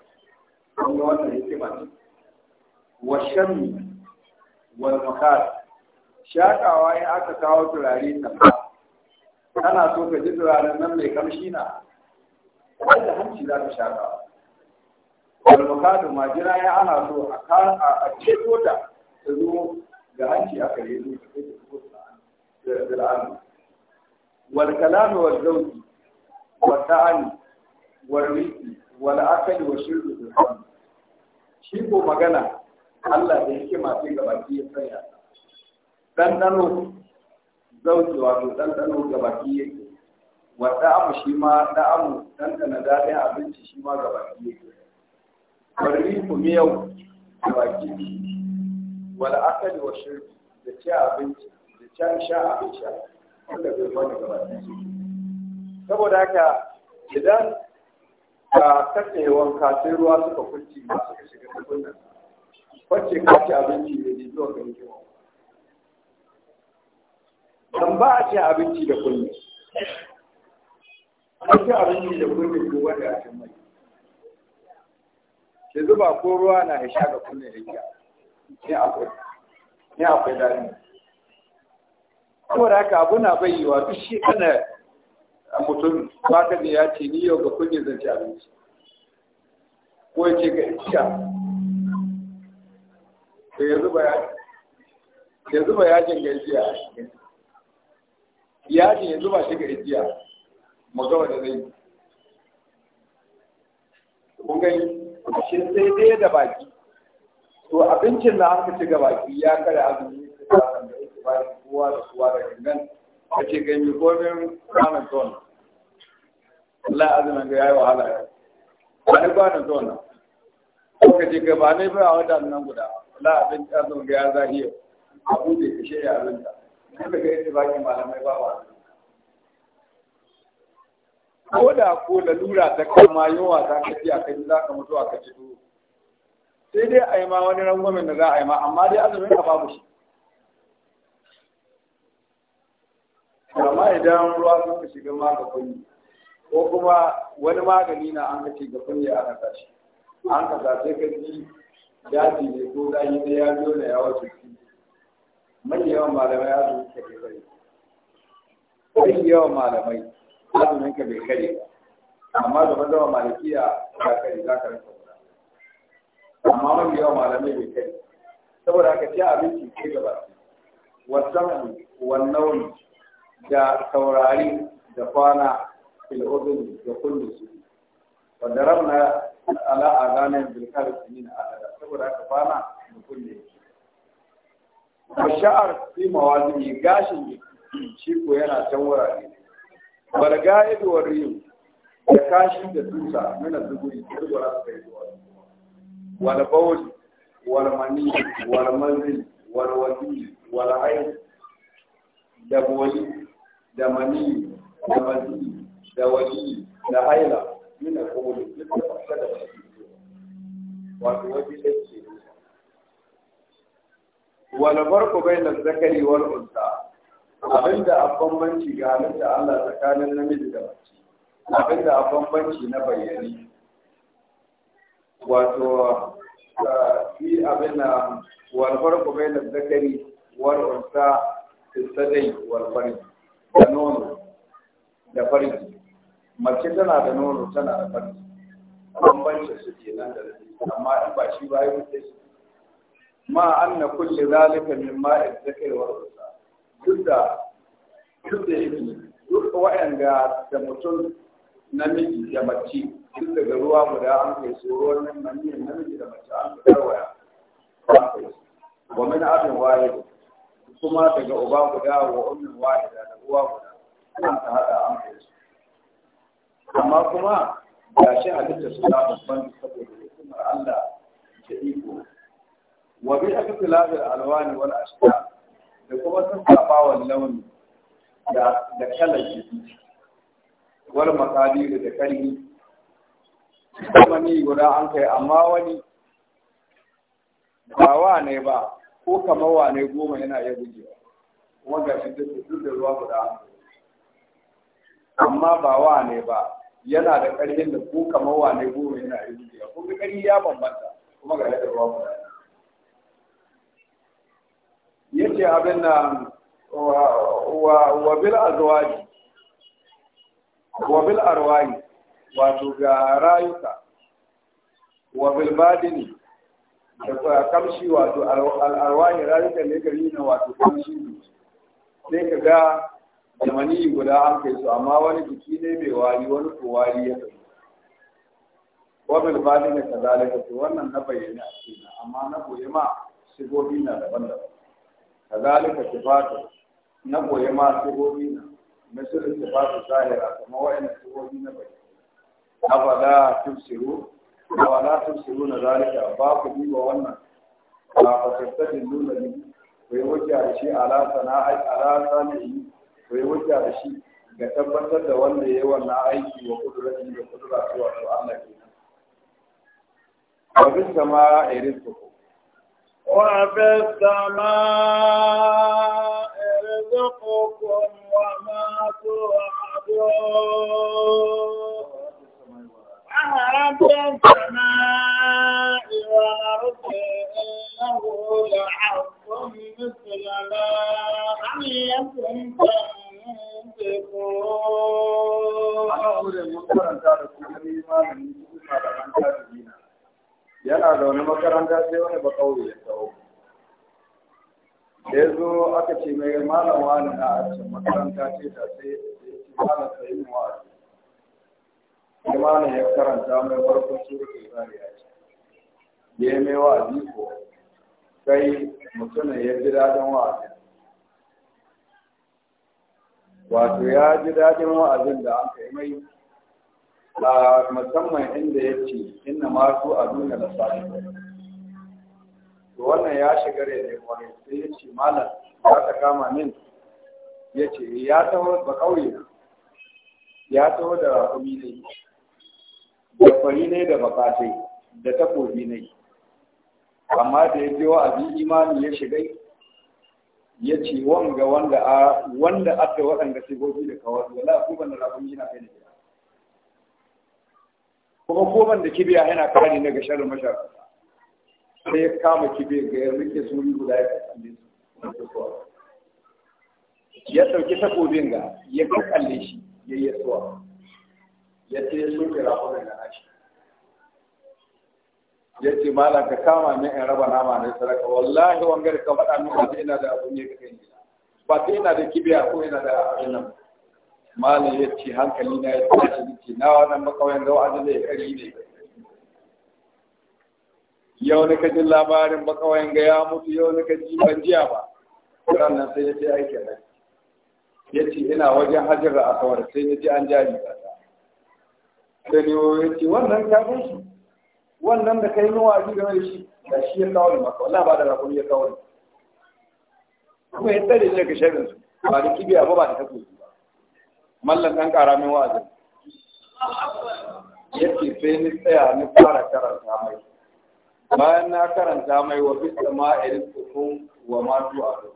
an wannan hikima ce wa shammi wal makar shakawa ya aka kawo turare ta kana so ka ji turaren nan mai kamshi na wanda hanci za ka shakawa wal makar ma jira ya ana so a ka a ceto ta ta zo ga hanci aka yi ne ta kai ta fito da al'adu wal kalam wal zauki wal ta'ani wal riki wal akali wa shirku bil hannu shi ko magana Allah da yake masu gabaki ya sanya ɗanɗano zauki wato ɗanɗano gabaki yake wa amu shi ma da'amu ɗanɗana daɗin abinci shi ma gabaki yake bari ku miyau gabaki wani akali wa shirku da ci abinci da can sha abinci sha wanda bai wani ke saboda haka idan ka kace wanka sai ruwa suka kunci ba suka shiga cikin nan kwace ka ci abinci da ke zuwa ga kiwo dan ba a ci abinci da kunne an ci abinci da kunne ko wanda a cin mai ke zuba ko ruwa na ya shaga ga kunne da ne akwai ne akwai dani saboda haka abu na bayyawa duk shi kana mutum ba ka da ya ce ni yau ga kunya zan ci abinci ko ya ce ga iska da ya zuba ya zuba yajin ga ijiya yajin ya zuba shi ga ijiya magawa da zai kun gani shi sai ɗaya da baki to abincin da aka ci ga baki ya kare azumi da kowa da kowa da gangan a ce gani komin ranar tonu Allah azumin ga yayi wahala ya ba ba na zo na ko ka ce ba ne ba a wata nan guda Allah abin ta zo ga ya zahiya abu da kashe ya abin ta ka daga ba ki malamai ba wa. ko da ko da lura ta kama yawa ta kaci a kai za ka mutu a ji duro sai dai a yi ma wani rangwamen da za a yi ma amma dai azumin ka babu shi amma idan ruwa sun ka shiga ma ka kunyi ko kuma wani magani na an kace ga kunya a raka shi an kasa sai ka ji daji ne ko zai ne ya zo da yawa jiki mai yawan malamai ya zo ka ke bari mai yawan malamai azumin ka bai kare amma da mazawa malikiya ka kare za ka rasa amma mafi yawan malamai bai kai saboda haka ci abinci ke gaba wasan wannan da saurari da kwana في الأذن يقول سجود a على أذانهم بالكار سنين عددا سبرا كفانا بكل شيء والشعر في موازنه gashin shi ko yana can wurare barga ido wa riyu da da tusa nuna zuguri turgura su kai zuwa wal bawl wal mani wal manzil wal wadi wal ayn da boli da mani da wani da haila nuna kowani duk da fasa da wasu wato waje da ke wani farko bai na zakari wal unta abinda a bambanci ga halitta Allah tsakanin namiji da mace abinda a bambanci na bayyane wato fi abin na wal barko bai na zakari wal unta sadai wal farin da nono da farin mace tana da nono tana da fari bambanci su ke nan da amma in ba shi ba ya wuce shi ma anna kulli zalika min ma'in kai wa rusa duk da duk da yake duk wa'anda da mutum namiji da mace duk daga ruwa guda an kai su ruwan nan namiji namiji da mace an kai waya an kai su wa min abin waye kuma daga uba guda wa ummin wahida da ruwa guda an ta hada an kai su amma kuma ga shi halitta su ta babban saboda hukumar Allah da iko wa bi ikhtilafil alwani wal ashka da kuma sun sabawa launi da da kalar jiki wal maqadir da kalmi kuma ni guda an kai amma wani ba wa ne ba ko kamar wa ne goma yana iya gujewa kuma ga shi duk da ruwa guda amma ba wa ne ba yana da ƙarfin da ko kamar wane goma yana da rubuta ko ga ƙari ya bambanta kuma ga yadda ruwa ba yace abin nan wa bil azwaji wa bil arwahi wato ga rayuka wa bil badini da kamshi wato al arwahi rayuka ne gari na wato kamshi sai ka ga da guda an kai su amma wani jiki ne mai wari wani ko wari ya kai bil bali ne ka zalika to wannan na bayyana a cikin amma na koyi ma sigobi na daban-daban ka zalika na koyi ma sigobi na misalin sifatu zahira kamar wa'in sigobi na bayyana abada tufsiru abada tufsiru na zalika ba ku wa wannan ba ku tattadin nuna ne ku yi wuce a shi ala sana'a ala sana'a ku yi hujja da shi ga tabbatar da wanda ya yi wannan aiki wa kudurati da kudura su wato Allah ke nan. Wa sama irin su ku. Wa fi sama irin su ku wa ma su hado. sama wa arzikin lahu yana da wani makaranta sai wani ba kauye ya tsawo da ya zo aka ce mai malam wani na a cikin makaranta ce da sai ya ce malam yin wa'azi sai malam ya karanta mai farkon surutu zariya ce ya yi mai wa'azi ko sai mutumin ya ji daɗin wa'azin wato ya ji daɗin wa'azin da an kai mai a musamman inda ya ce inna masu a duniya da sa wannan ya shiga da ya wani sai ya ce malam ya ta kama min ya ce ya taho da ƙauye ya taho da rakumi ne da fari ne da bakatai da takobi ne amma da ya je wa'azi imani ya shiga ya ce wanga wanda a wanda aka waɗanda sigogi da kawai wala ko ban da rabon yana kai ne kuma ko da kibiya yana kare daga sharrin mashar sai ya kama kibiya ga ya ke suri guda ya kalle su ya ɗauki takobin ga ya kalle shi ya yi tsuwa ya ce ya soke da na shi ya ce mala ka kama ne in raba nama ne saraka wallahi wangar ka faɗa min ba ina da abun ne ka kai ba ta ina da kibiya ko ina da abin nan mala ya ce hankali na ya tsaya jiki na wannan makawayan da wa'azin da ya kari ne yau ne ka ji labarin makawayan ga ya mutu yau ne ka ji ban jiya ba nan sai ya ce aiki nan ya ce ina wajen hajjar a kawar sai ya ji an jari ba sai ne ya ce wannan kafin shi wannan da kai nuwa ji game da shi da shi ya kawo maka wallahi ba da rakumi ya kawo ne. kuma ya tsare shi ga sharrin su ba da kibiya ba ba da takobi ba mallan dan kara min wa'azi yace sai ni tsaya ni fara karanta mai bayan na karanta mai wa bis sama'i rizqukum wa ma tu'adun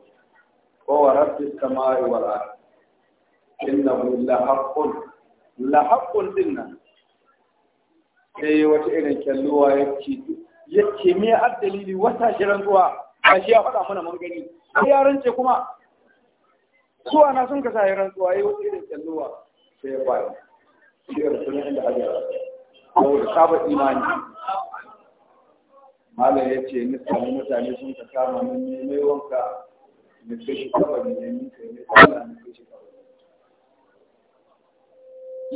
ko wa rabbis sama'i wal ard innahu la haqqun la haqqun dinna sai wata irin kyalluwa ya ce ya ce me addalili wata shirin zuwa a shi ya faɗa mana mun gani sai ya rance kuma zuwa na sun ka sa rantsuwa ya wata irin kyalluwa sai ya bayo shi irin sunan inda aka yi saboda saba imani malam ya ce ni sami mutane sun ka kama min ne mai wanka ni kashi kaba ne ne ni kai ne kala ni kashi kaba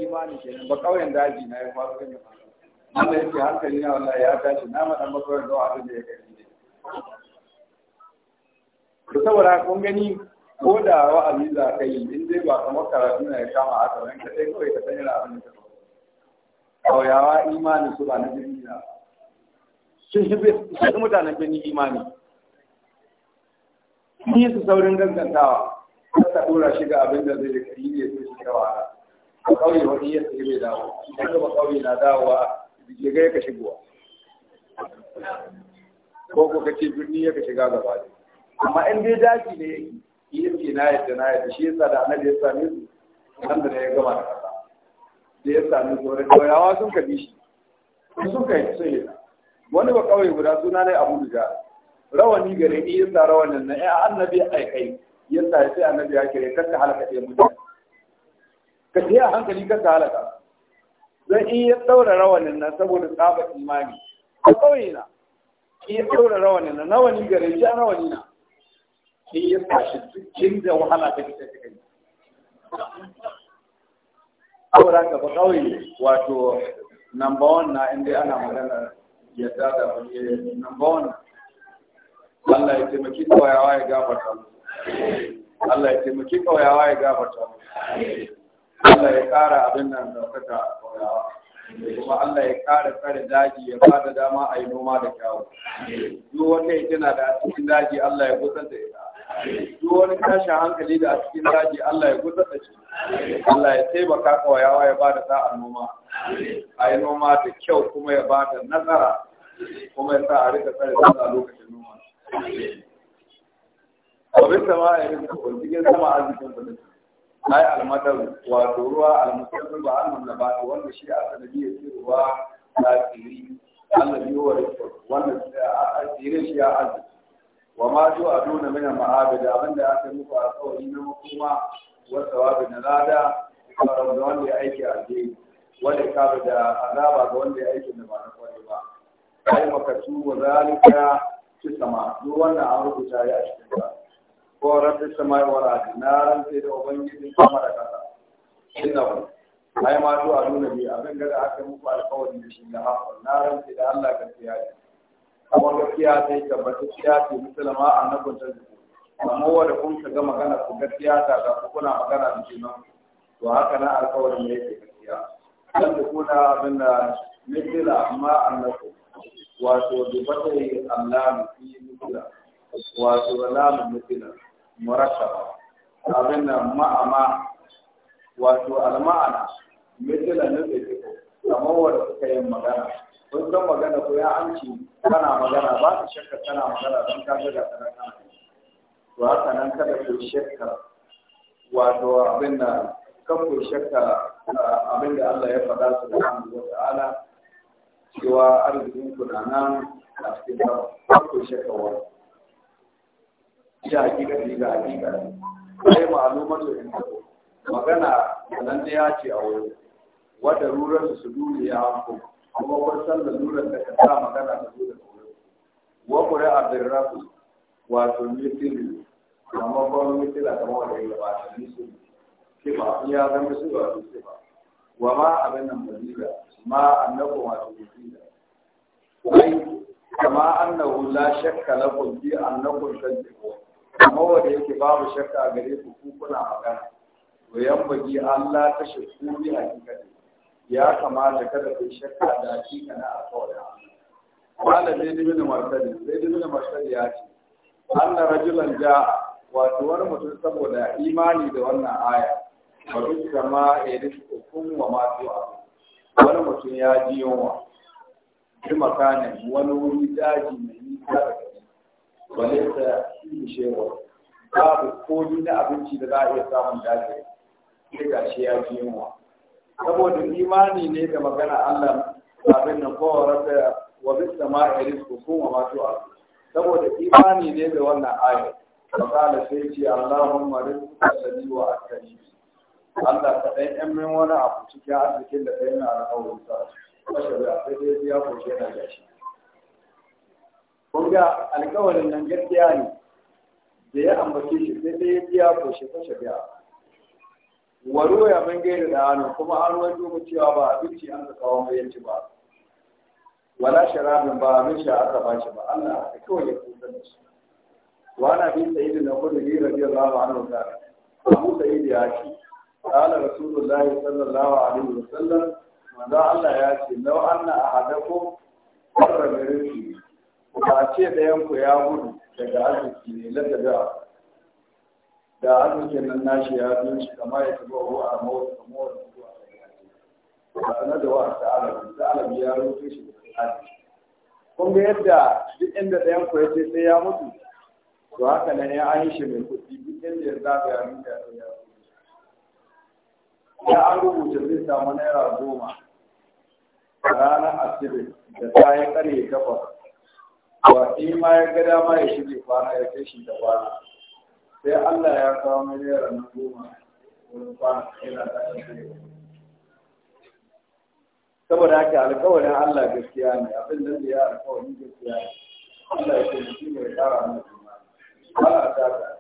imani kenan ba kauyen daji na ya faru ne ba Allah yake hankali na wallahi ya tashi na madan bakar da abin da ya kai ne to saboda kun gani ko da wa'azi za ka yi in dai ba kamar karatu na ya kama a wani ka sai kawai ka san yana abin da ka kauyawa imani su ba na jirgi na Shin shi mutanen gani imani sun yi su saurin gangantawa kar ta dora shi ga abin da zai da kari ne su shi da wahala a kauye wani ya sai bai dawo ina ba kauye na dawowa ya kashe yaka shigowa ko ko kace birni yaka shiga gaba ne amma in dai daji ne yake ke. na yadda na yadda shi yasa da annabi ya same su nan da ya gama da kasa da ya same su wani doyawa sun kabi shi sun kai sun yi wani ba kawai guda suna ne abu da rawani gare ni yasa rawanin na eh, ya annabi aikai yasa sai annabi ya kire kar halaka ɗaya mutane ka je a hankali kar halaka don iya ya ɗaura rawanin nan saboda tsaba imani a kawai na Iya ya ɗaura rawanin nan rawani gare shi a rawani na in ya tashi cikin da wahala ta fita ta kai saboda ka ba kawai wato number one na inda ana magana yadda da wani number one Allah ya taimaki kawayawa ya gafarta Allah ya taimaki kawayawa ya gafarta Allah ya ƙara abin nan da ɗaukaka da kuma Allah ya kare kare daji ya da dama a yi noma da kyawu duk wanda ya da cikin daji Allah ya kusan da ita duk wani tashin hankali da a cikin daji Allah ya kusa da shi Allah ya taimaka kawayawa ya ba da sa'ar noma a yi noma da kyau kuma ya ba da nazara kuma ya sa a rika tsare a lokacin noma. Abin sama ya rika cikin sama arzikin kudin. ai almadar wato ruwa almusallu ba ba nabatu wanda shi a sanadi ya ce ruwa da tsiri Allah biyo wa rikin wanda eh, tsirin shi ya arziki wa ma zo a nuna mina ma'abida abinda aka yi muku alkawari na makoma wasu wabi na lada da wanda ya aiki a jeri wanda ka da azaba ga wanda ya aiki da ba na kwarai ba ai makatu wa zalika fi sama duk wannan an rubuta ya a cikin ba ko rabbi samai wa radi na rantse da ubangiji sama da kasa innahu ai ma to aduna bi abin da aka muku alƙawari da shi da hafa na rantse da Allah gaskiya ne kuma gaskiya sai tabbata gaskiya ce musulma annabin ta zuku amma wanda kun ka ga magana ku gaskiya ta ga kuna magana da juna to haka na alƙawarin ne yake gaskiya dan da kuna abin da mithla amma annakum wato bi fatai Allah fi mithla wato lamun mithla murashaba abin nan ma'ama wato alma'ana mithlan nufi kamar wanda suka yi magana kun san magana ko ya amci kana magana ba ka shakka kana magana don ka ga kana kana to haka nan kada ku shakka wato abin da kan ku shakka ah, abin da Allah ya faɗa su da Allah wa ta'ala cewa arzikin ku na nan a cikin kan ku shakka wani ya hakika ne ga hakika ne sai yin in magana nan da ya ce a wuri wata rurar su dole ya hanko kuma kun san da rurar da ka sa magana da zo da wuri wa kure a birrafu wato mitili amma ba mitila kamar da ya a ni su ke ba ya zama su ba su ba wa ma abin nan mazira ma annabu wato mazira kama annahu la shakka lakum fi annakum tadbirun amma wanda yake babu shakka a gare ku ku kuna magana to yan bagi Allah ta shakku bi a kikati ya kamata kada ku shakka da hakika na alƙawarin Allah wala ne martani zai sai ibn martani ya ce anna rajulan ja wato wani mutum saboda imani da wannan aya ba duk kama ya rizku ma wa masu wani mutum ya ji yunwa bi makanin wani wuri daji mai nisa da وليس فيه شيء babu komi na abinci da za a iya samun daji. sai ga shi ya ji yunwa saboda imani ne da magana Allah abin nan kowa rasa wa bis sama'i rizqu kuma masu a saboda imani ne da wannan za fasala sai ce Allahumma rizqa alladhi wa akali Allah ka ɗan yan min wani abu cikin arzikin da kai na alƙawarin sa. Kashe da sai dai ya koke na gashi. kun ga alkawarin nan gaskiya ne da ya ambace shi sai dai ya biya ko shi ta shabiya waro ya man gaira da hannu kuma an wani mu cewa ba abinci an ka kawo mai yanci ba wala sharabin ba abin sha aka ba shi ba Allah aka kawai ya kusa da shi wa ana bin sayyidi na kudu ne radiyallahu anhu ta Abu Sa'id ya ce qala rasulullahi sallallahu alaihi wasallam manzo Allah ya ce law anna ahadakum qarra bi rizqi ba ce ɗayan ku ya gudu daga arziki ne ladda da arziki nan nashi ya zo shi kama ya taɓa wa a mawar mawar da zuwa a sanar da wa ta alabi ta alabi ya rufe shi da arziki kun ga yadda duk inda ɗayan ku ya ce sai ya mutu to haka nan ya an shi mai kuɗi duk inda ya zaga ya mutu ya ya ya an rubuta zai samu naira goma a ranar asibiti da ta yi ƙarye takwas ba in ma ya ga dama ya shige kwana ya kai shi da kwana sai Allah ya kawo miliyar na goma wurin kwana yana da shi saboda haka alkawarin Allah gaskiya ne abin da zai yi alkawarin gaskiya ne Allah ya kai shi mai kara mana Allah ta ka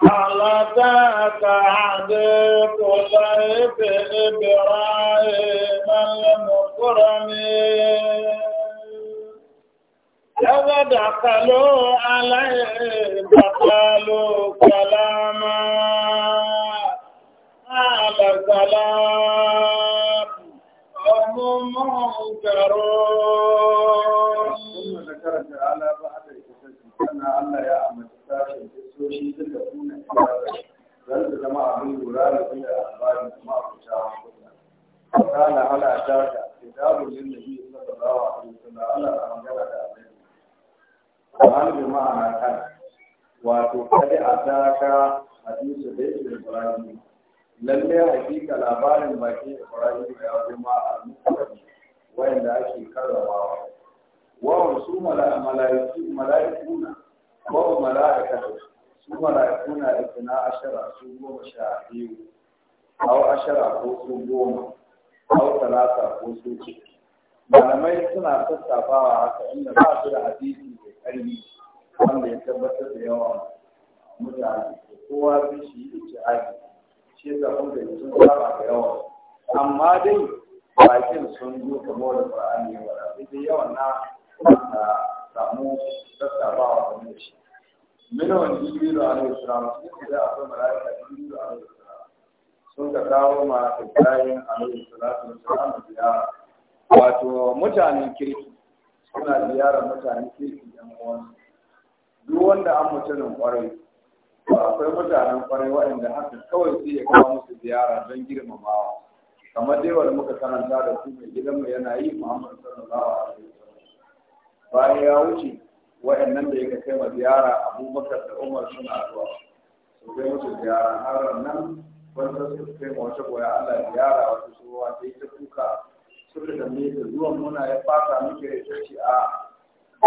ألا تاك حديث ضيف إبراهيم المكرمين Allah ya amince ta shi da su shi suka kuna kira da shi, don su zama abin lura da su da albari kuma a kusa hankali. Allah ya halatta ta, ta zaɓi yin da shi suka zawa a cikin sana'a Allah a magana da wani bi ma'ana kan wato kada a daka hadisu da yake ibrahim lalle hakika labarin bakin ibrahim ya zama a mutane wanda ake karrabawa wawan su mala'iku mala'ikuna wawan mala'ikatu su mala'ikuna da tana ashara su goma sha biyu hau ashara ko su goma hau talata ko su ciki malamai suna sassafawa haka inda ba su da hadisi ƙarfi wanda ya tabbatar da yawan mutane kowa bi shi yi aji, shi yasa kun da sun saba da yawa amma dai bakin sun zo kamar da Qur'ani ya wada sai dai yawan na samu sassabawa kamar shi mina wani jibiru a nan islam sun da akwai mala'ika jibiru da nan islam sun ka kawo ma ibrahim a nan islam sun samu ziyara wato mutanen kirki suna ziyarar mutane ke yan uwansu duk wanda an mutumin kwarai ba akwai mutanen kwarai waɗanda haka kawai sai ya kawo musu ziyara don girmamawa kamar dai wani muka karanta da su mai gidanmu yana yi muhammadu sallallahu alaihi Ba bayan ya wuce waɗannan da yake kai ma ziyara abubakar da umar suna zuwa su kai musu ziyara har nan wanda su kai ma wata goya allah ziyara wata tsohuwa ta yi ta kuka suka tambaye ta zuwan muna ya fata muke da ta ce a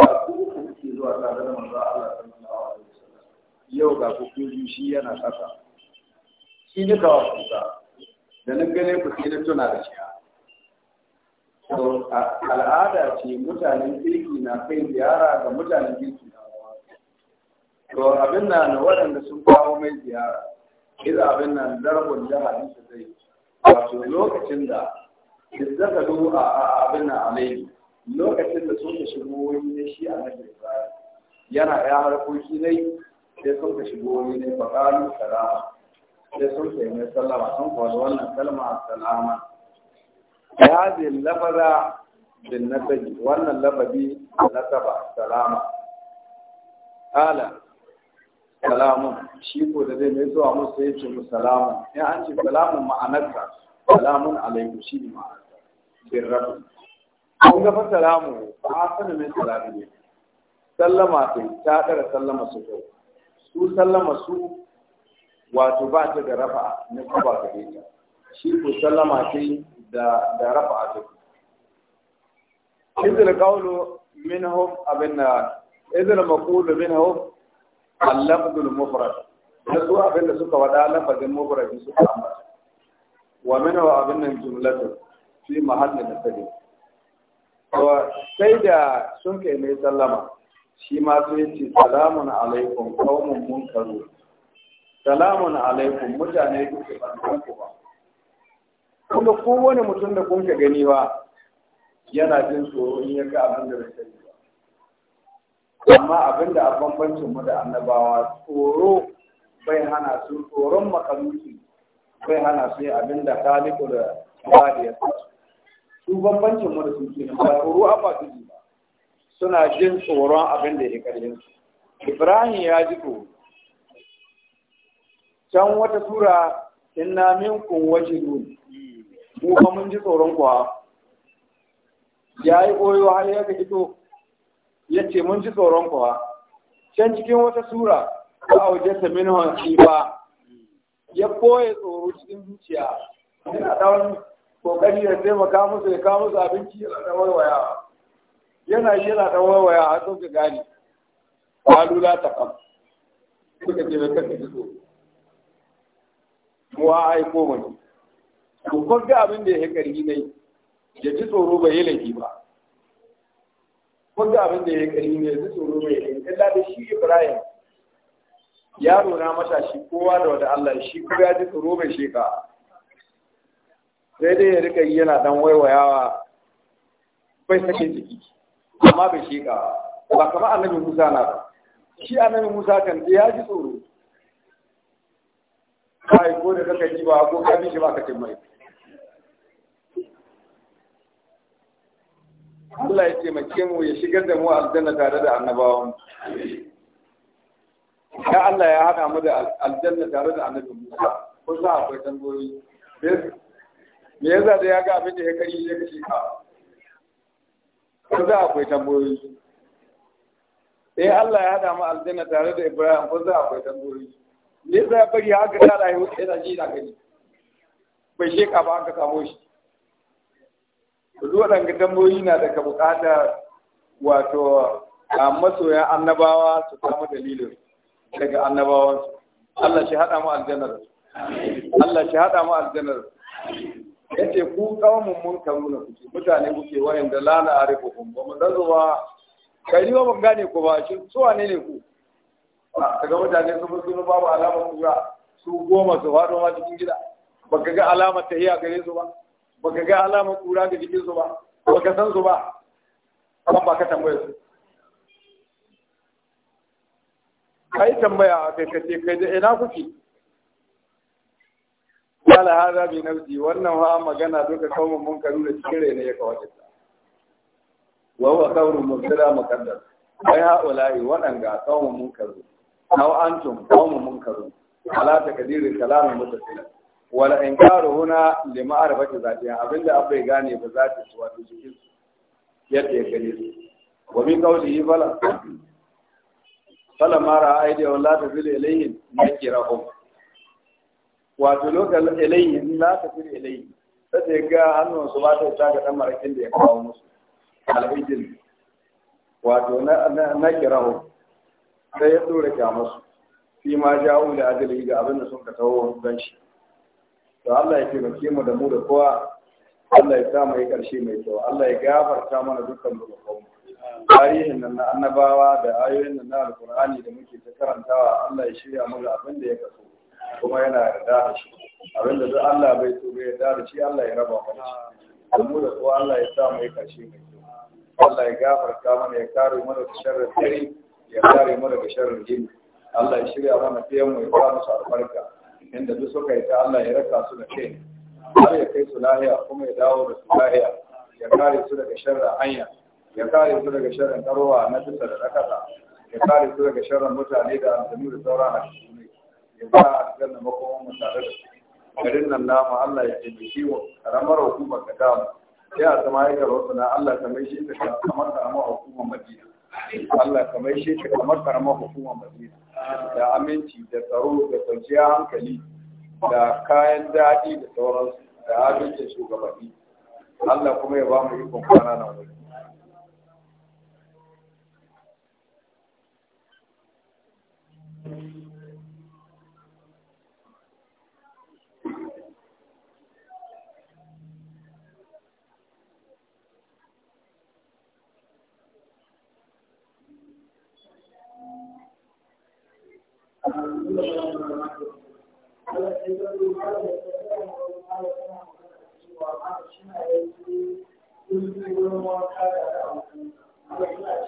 ga ku uku kuke zuwa tare da manzo Allah sallallahu alaihi wasallam yau ga ku biyu shi yana kasa shi ne kawo kuka da na gane ku sai na tuna da shi to al'ada ce mutanen kirki na kai ziyara ga mutanen kirki na to abin nan waɗanda sun kawo mai ziyara idan abin nan darbun jihar da zai wato lokacin da zaka duhu a abin nan alai lokacin da sun ka shigo wani ne shi a nan yana ya harkoki ne sai sun ka shigo wani ne fa qalu salama sai sun ka mai sallama sun kwalo wannan kalma salama ya zai lafaza bin nasabi wannan lafazi nasaba salama qala salamun shi ko da zai mai zuwa musu ya ce mu salamun ya an ce salamun ma'anarsa salamun alaikum shi ne ma'ana birratu kun ga fasara mu ba sanin min salati ne sallama ce ta kara sallama su kyau su sallama su wato ba ta da rafa na kuba gare ta shi ko sallama ce da da rafa a take izil qawlu minhum abinna izil maqulu minhum al-lafz al-mufrad da su abinda suka wada lafazin mufrad suka ambata wa minhu abinna jumlatu fi mahallin nasabi to sai da sun kai mai sallama shi ma sai ce salamun alaikum qaumun munkaru salamun alaikum mutane duka ban san ku ba kuma kowane mutum da kun ka gani ba yana jin tsoro in ya ga abin da bai ba amma abin da a bambancin mu da annabawa tsoro bai hana su tsoron makamuki bai hana su abin da khaliqu da bari ya tsoro su bambancin mu da su ke ba tsoro an ba su ba suna jin tsoron abin da ya karfin su Ibrahim ya ji tsoro can wata tura inna minkum wajidun ku ba mun ji tsoron ha ya yi koyo har ya ga fito ya ce mun ji tsoron ha can cikin wata sura ta aujata minhum ba. ya koya tsoro cikin zuciya kokari ya taimaka musu ya kawo musu abinci yana da warwaya yana yi yana da warwaya har sun ka gane kalu la taqam suka ce mai kake so mu a aiko mu to kun abin da ya karhi ne ya ji tsoro bai yi laifi ba kun abin da ya karhi ne ya ji tsoro bai yi laifi illa da shi Ibrahim yaro na matashi kowa da wanda Allah shi kuma ya ji tsoro bai sheka sai dai ya rika yi yana dan waiwayawa bai sake jiki amma bai sheka ba kamar annabi Musa na ba shi annabi Musa kan ya ji tsoro kai ko da kaka ji ba ko ka ji ba ka ce mai Allah ya taimake mu ya shigar da mu aljanna tare da annabawan ya Allah ya haɗa mu da aljanna tare da annabi Musa ko sa akwai tambayoyi me yasa da ya ga abin da ya kari ya kashe ka ko za akwai tambayoyi eh Allah ya hada mu aljanna tare da Ibrahim ko za akwai tambayoyi me yasa ya bari haka ta rayu yau sai ji da gani bai ka ba aka samu shi duk waɗanda tambayoyi na da buƙatar wato a masoya annabawa su samu dalilin daga annabawansu Allah shi hada mu aljanna Allah shi hada mu aljanna ce ku kawamun na kuke mutane kuke wayanda la na kun ba mu san zuwa kai ba ban gane ku ba shi su wane ne ku daga ah, mutane su ba babu alama su ga su goma su faɗo ma cikin gida baka ga alama ta hiya gare su ba baka ga alama kura ga jikin su ba baka san su ba amma ba ka tambaye su kai tambaya kai kace kai da ina kuke قال Wannan بنفسي magana duka kawo mun karu da cikin ne ya kawace ta wa huwa qawlu mubtada muqaddar ai haula'i wadanga mun munkaru aw antum mun karu ala takdiri kalam mutasil wal inkaru huna lima'arifati zati abinda abai gane ba zati su wato cikin yadda ya gane su wa min qawlihi fala fala mara aidiya wala tazilu ilayhim nakirahum wato lokal ilayhi na da ilayhi sai ga hannun su ba ta isa ga dan marakin da ya kawo musu alhijin wato na na kirahu sai ya dora ka musu fi ma jawo da ajali ga abin da sun ka tawo don shi to Allah ya taimake mu da mu da kowa Allah ya sa mu yi karshe mai kyau Allah ya gafarta mana dukkan mu tarihin nan na annabawa da ayoyin nan na alkur'ani da muke ta karantawa Allah ya shirya mu da abin da ya kaso kuma yana yarda da shi abinda duk Allah bai so bai yarda da shi Allah ya raba mana shi mu da ko Allah ya sa mu yi kashi mai kyau Allah ya gafarta mana ya kare mu daga sharrin dare ya kare mu daga sharrin jini Allah ya shirya mana fiyan mu ya ba musu albarka inda duk suka yi ta Allah ya raka su da kai har ya kai su lahiya kuma ya dawo da su lahiya ya kare su daga sharrin hanya ya kare su daga sharrin tarwa na bisa da rakata ya kare su daga sharrin mutane da amfani da sauran halittu ya sa aljanna makon mu tare da su garin nan namu Allah ya taimake wa karamar hukuma ka damu sai a zama ya gaba na Allah ka mai shi ta kamar karamar hukumar Madina Allah ka mai shi ta kamar karamar hukumar Madina da aminci da tsaro da kwanciyar hankali da kayan daɗi da sauransu da abincin shugabanni Allah kuma ya ba mu ikon kwana nan wuri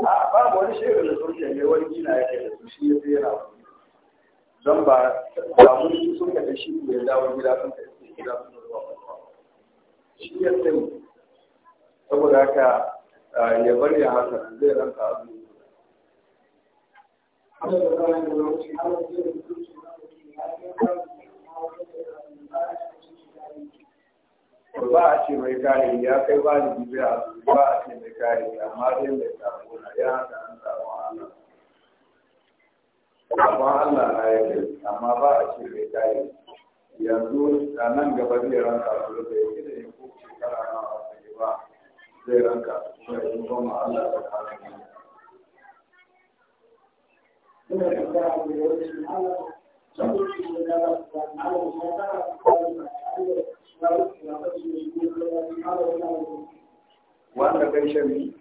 a babu wani shirin da sun kai wani gina ya kai da su shi ya sai yana wani don ba samun sun ka shi ne ya dawo gida sun ka da gida sun zuwa shi ya sai saboda haka ya bari a haka zai ranka abu Thank you. ba a ce mai kare ya kai ba da jibi a zuri ba a ce mai kare amma dai mai samu na ya haka an samu Allah amma Allah na ya kai amma ba a ce mai kare yanzu a nan gaba zai ranka su da ya gida ya ko shekara na a sai ba zai ranka su da ya goma Allah da kare ne. Ina da kare Allah wanda bai shari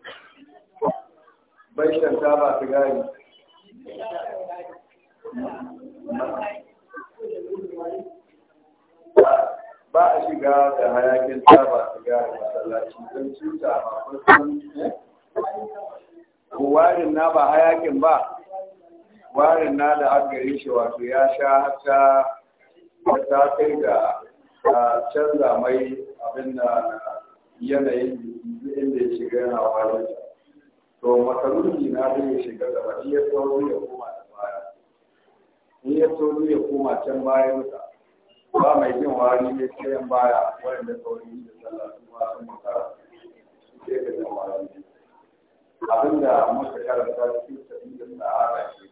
bai shanta ba su gari ba a shiga da hayakin taba su gari masallaci don cuta a mafi sun kowarin eh? na ba hayakin ba warin na da aka yi shi wato ya sha hata ta kai da canza mai abin da yanayin inda ya shiga yana warin to makaruni na da ya shiga da ba iya tsoro ya koma da baya in ya ya koma can bayan sa ba mai jin wari ne sai baya wanda yi da sallah su ba sun makara sai ka jin wari abinda muka karanta cikin sabbin da ara ke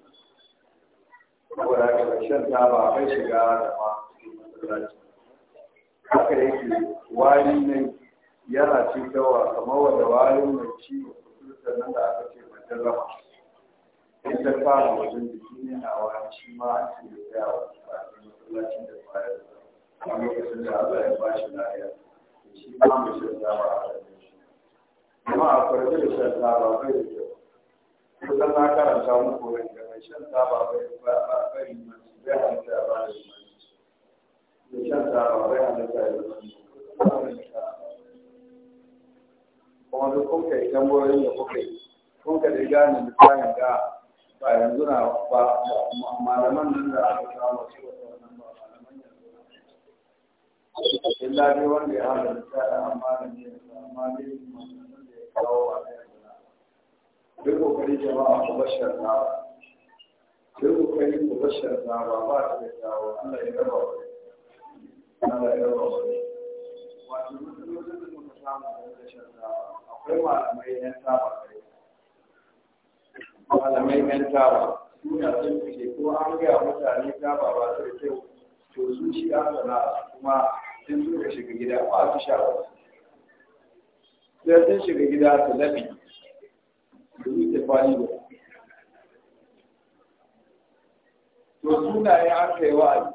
saboda haka shan taba kai shiga da ma masallaci haka yake wari ne yana cutarwa kamar wanda warin mai ciwo sannan da aka ce mai jarraba in ta fara wajen jiki ne na wani shi ma an ce ya tsaya wa tsakanin masallacin da bayan a lokacin da Allah ya bashi lafiya shi ma mai shan taba a kan shi kuma a farko da shan taba bai da kyau kusan na karanta muku wani mai shan taba bai ba ba bai mace ba da shan bai kuma duk kuka yi tambayoyin da kuka yi da gane misalin da ba yanzu na ba malaman nan da aka samu su wannan ba malaman yanzu illa dai wanda ya hada misalin amma da ne amma dai malaman da ya kawo a yanzu duk kokari jama'a ku bashar na sai ku kai ku bashar na ba ba ta da dawo Allah ya raba ku Allah ya raba ku wato matsalolin da muka samu da bashar na akwai malamai yan saba kai malamai yan saba suna sun fice ko an gaya mutane saba ba su da kyau to zuciya sana'a kuma sun suka shiga gida ba su sha wasu sai sun shiga gida su labi da zuciya kwani da to ya an kai wa'azi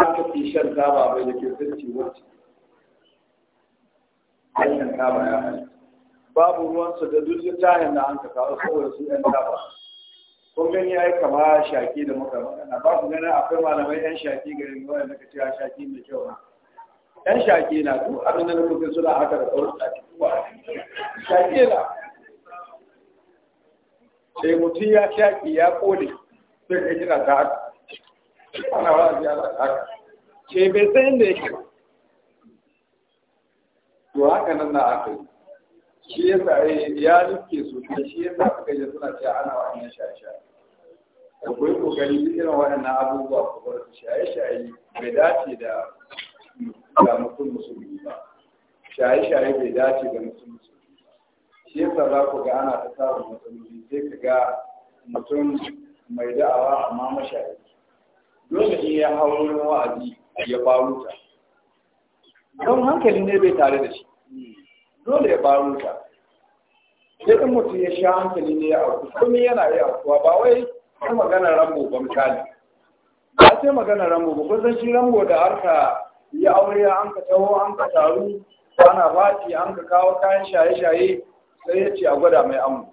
aka fi shan taba bai da ke kirkanci wacce hanyar taba ya hanyar babu ruwansu da duk tahin da an kawo saboda su yan taba kun gani ya yi kama shaƙi da muka magana ba ku gani akwai malamai yan shaƙi gari ne wanda ka ce a shaƙi mai kyau na yan shaƙi na duk abin da lokacin suna haka da kawai a cikin ba shaƙi na sai mutum ya shaƙi ya ƙone sai ka kira ta haka ana wa'azi ala haka ke bai san inda yake ba to haka nan na aka yi shi yasa eh, ya rike su ne shi yasa aka yi suna cewa ana wa'annan shaye-shaye da kuwa kokari duk irin waɗannan abubuwa ku bar su shaye-shaye bai dace da ga mutum musulmi ba shaye-shaye bai dace da mutum musulmi shi ya sa za ku ga ana ta samun matsaloli sai ka ga mutum mai da'awa amma mashayi lokacin ya hau wurin wa'azi ya ta don hankali ne bai tare da shi dole ya baruta sai in mutum ya sha hankali ne ya auku komai yana yi auku ba wai sai magana rambo ba misali ba sai magana rambo ba kusan shi rambo da harka ya aure an ka taho an ka taru ana fati an ka kawo kayan shaye-shaye sai ya ce a gwada mai amu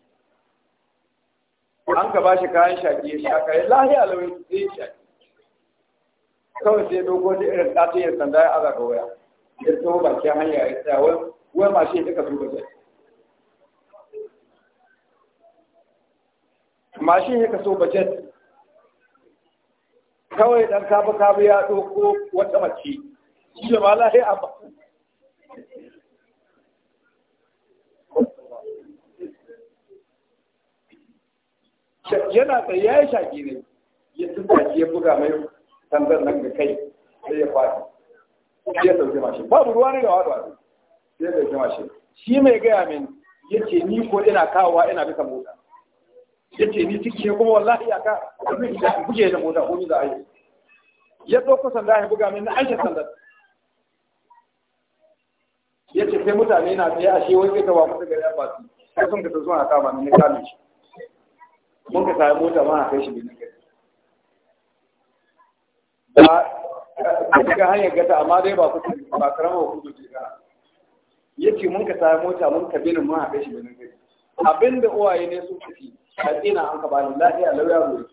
an ka ba shi kayan shaƙi ya shaƙa ya lahi alawai zai yi shaƙi kawai sai dogon da irin ɗatin yin sanda ya aza ga waya ya tsoho bakin hanya ya tsaya wai wai ma shi ya duka tuka sai mashin ya kaso bajet kawai ɗan kabu kabu ya ɗauko wata mace shi da ma lahi a yana tsaye ya yi shaƙi ne ya tunta ya buga mai sandar nan ga kai sai ya faɗi sai ya sauke mashi babu ruwa ne da wadu wadu sai ya sauke mashi shi mai gaya min ya ce ni ko ina kawowa ina bisa mota ya ce ni cikin kuma wallahi ya ka buge da mota ko ni za a yi ya ɗauko sanda ya buga min na aisha sanda, ya ce sai mutane na tsaye a shi wani zai gaba musu gari a basu sai sun ka zuwa a kama ni na kame shi mun ka sami mota ma a kai shi binin gari ba daga hanyar gata amma dai ba kusa ba karamar hudu ce gana ya ce mun ka sami mota mun ka binin ma a kai shi binin gari abinda uwaye ne su kafi a tsina an ka ba ni lafiya lauya ruwa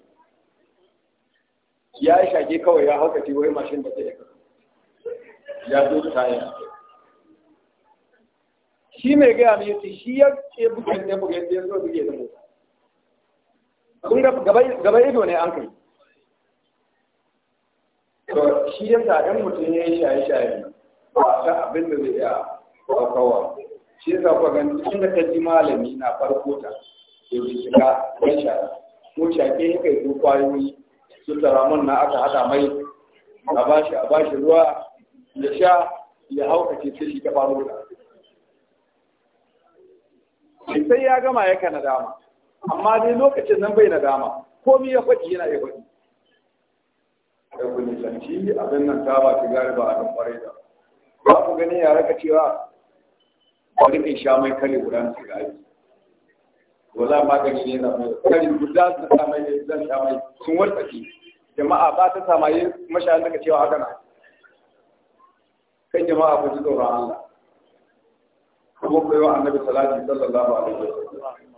ya yi shage kawai ya hauka ce wai mashin da ke da ya zo ta kayan shi mai gaya ya ce shi ya ke bugan ne bugan ne zo buge da mota kun ga gaba ido ne an kai to shi yasa ɗan mutum ya yi shaye-shaye ba ta abin da zai iya kawawa shi yasa kuwa ganin inda da kaji malami na farko ta ya shiga ya sha. ko shaƙe ya kai ko kwayoyi su mun na aka hada mai a bashi a ruwa ya sha ya ce sai shi ta faru sai ya gama ya kana dama amma dai lokacin nan bai nadama komi ya faɗi yana ya faɗi da ku nisanci abin nan ta ba sigari ba a kan kwarai da ba ku gani ya raka cewa bari in sha mai kare guda na sigari wala magani ne na mai kare guda na sa mai zan sha mai sun wartsaki jama'a ba ta samaye mashayar daga cewa haka na kan jama'a ku ji tsoron Allah kuma ku yi wa annabi salati sallallahu alaihi wasallam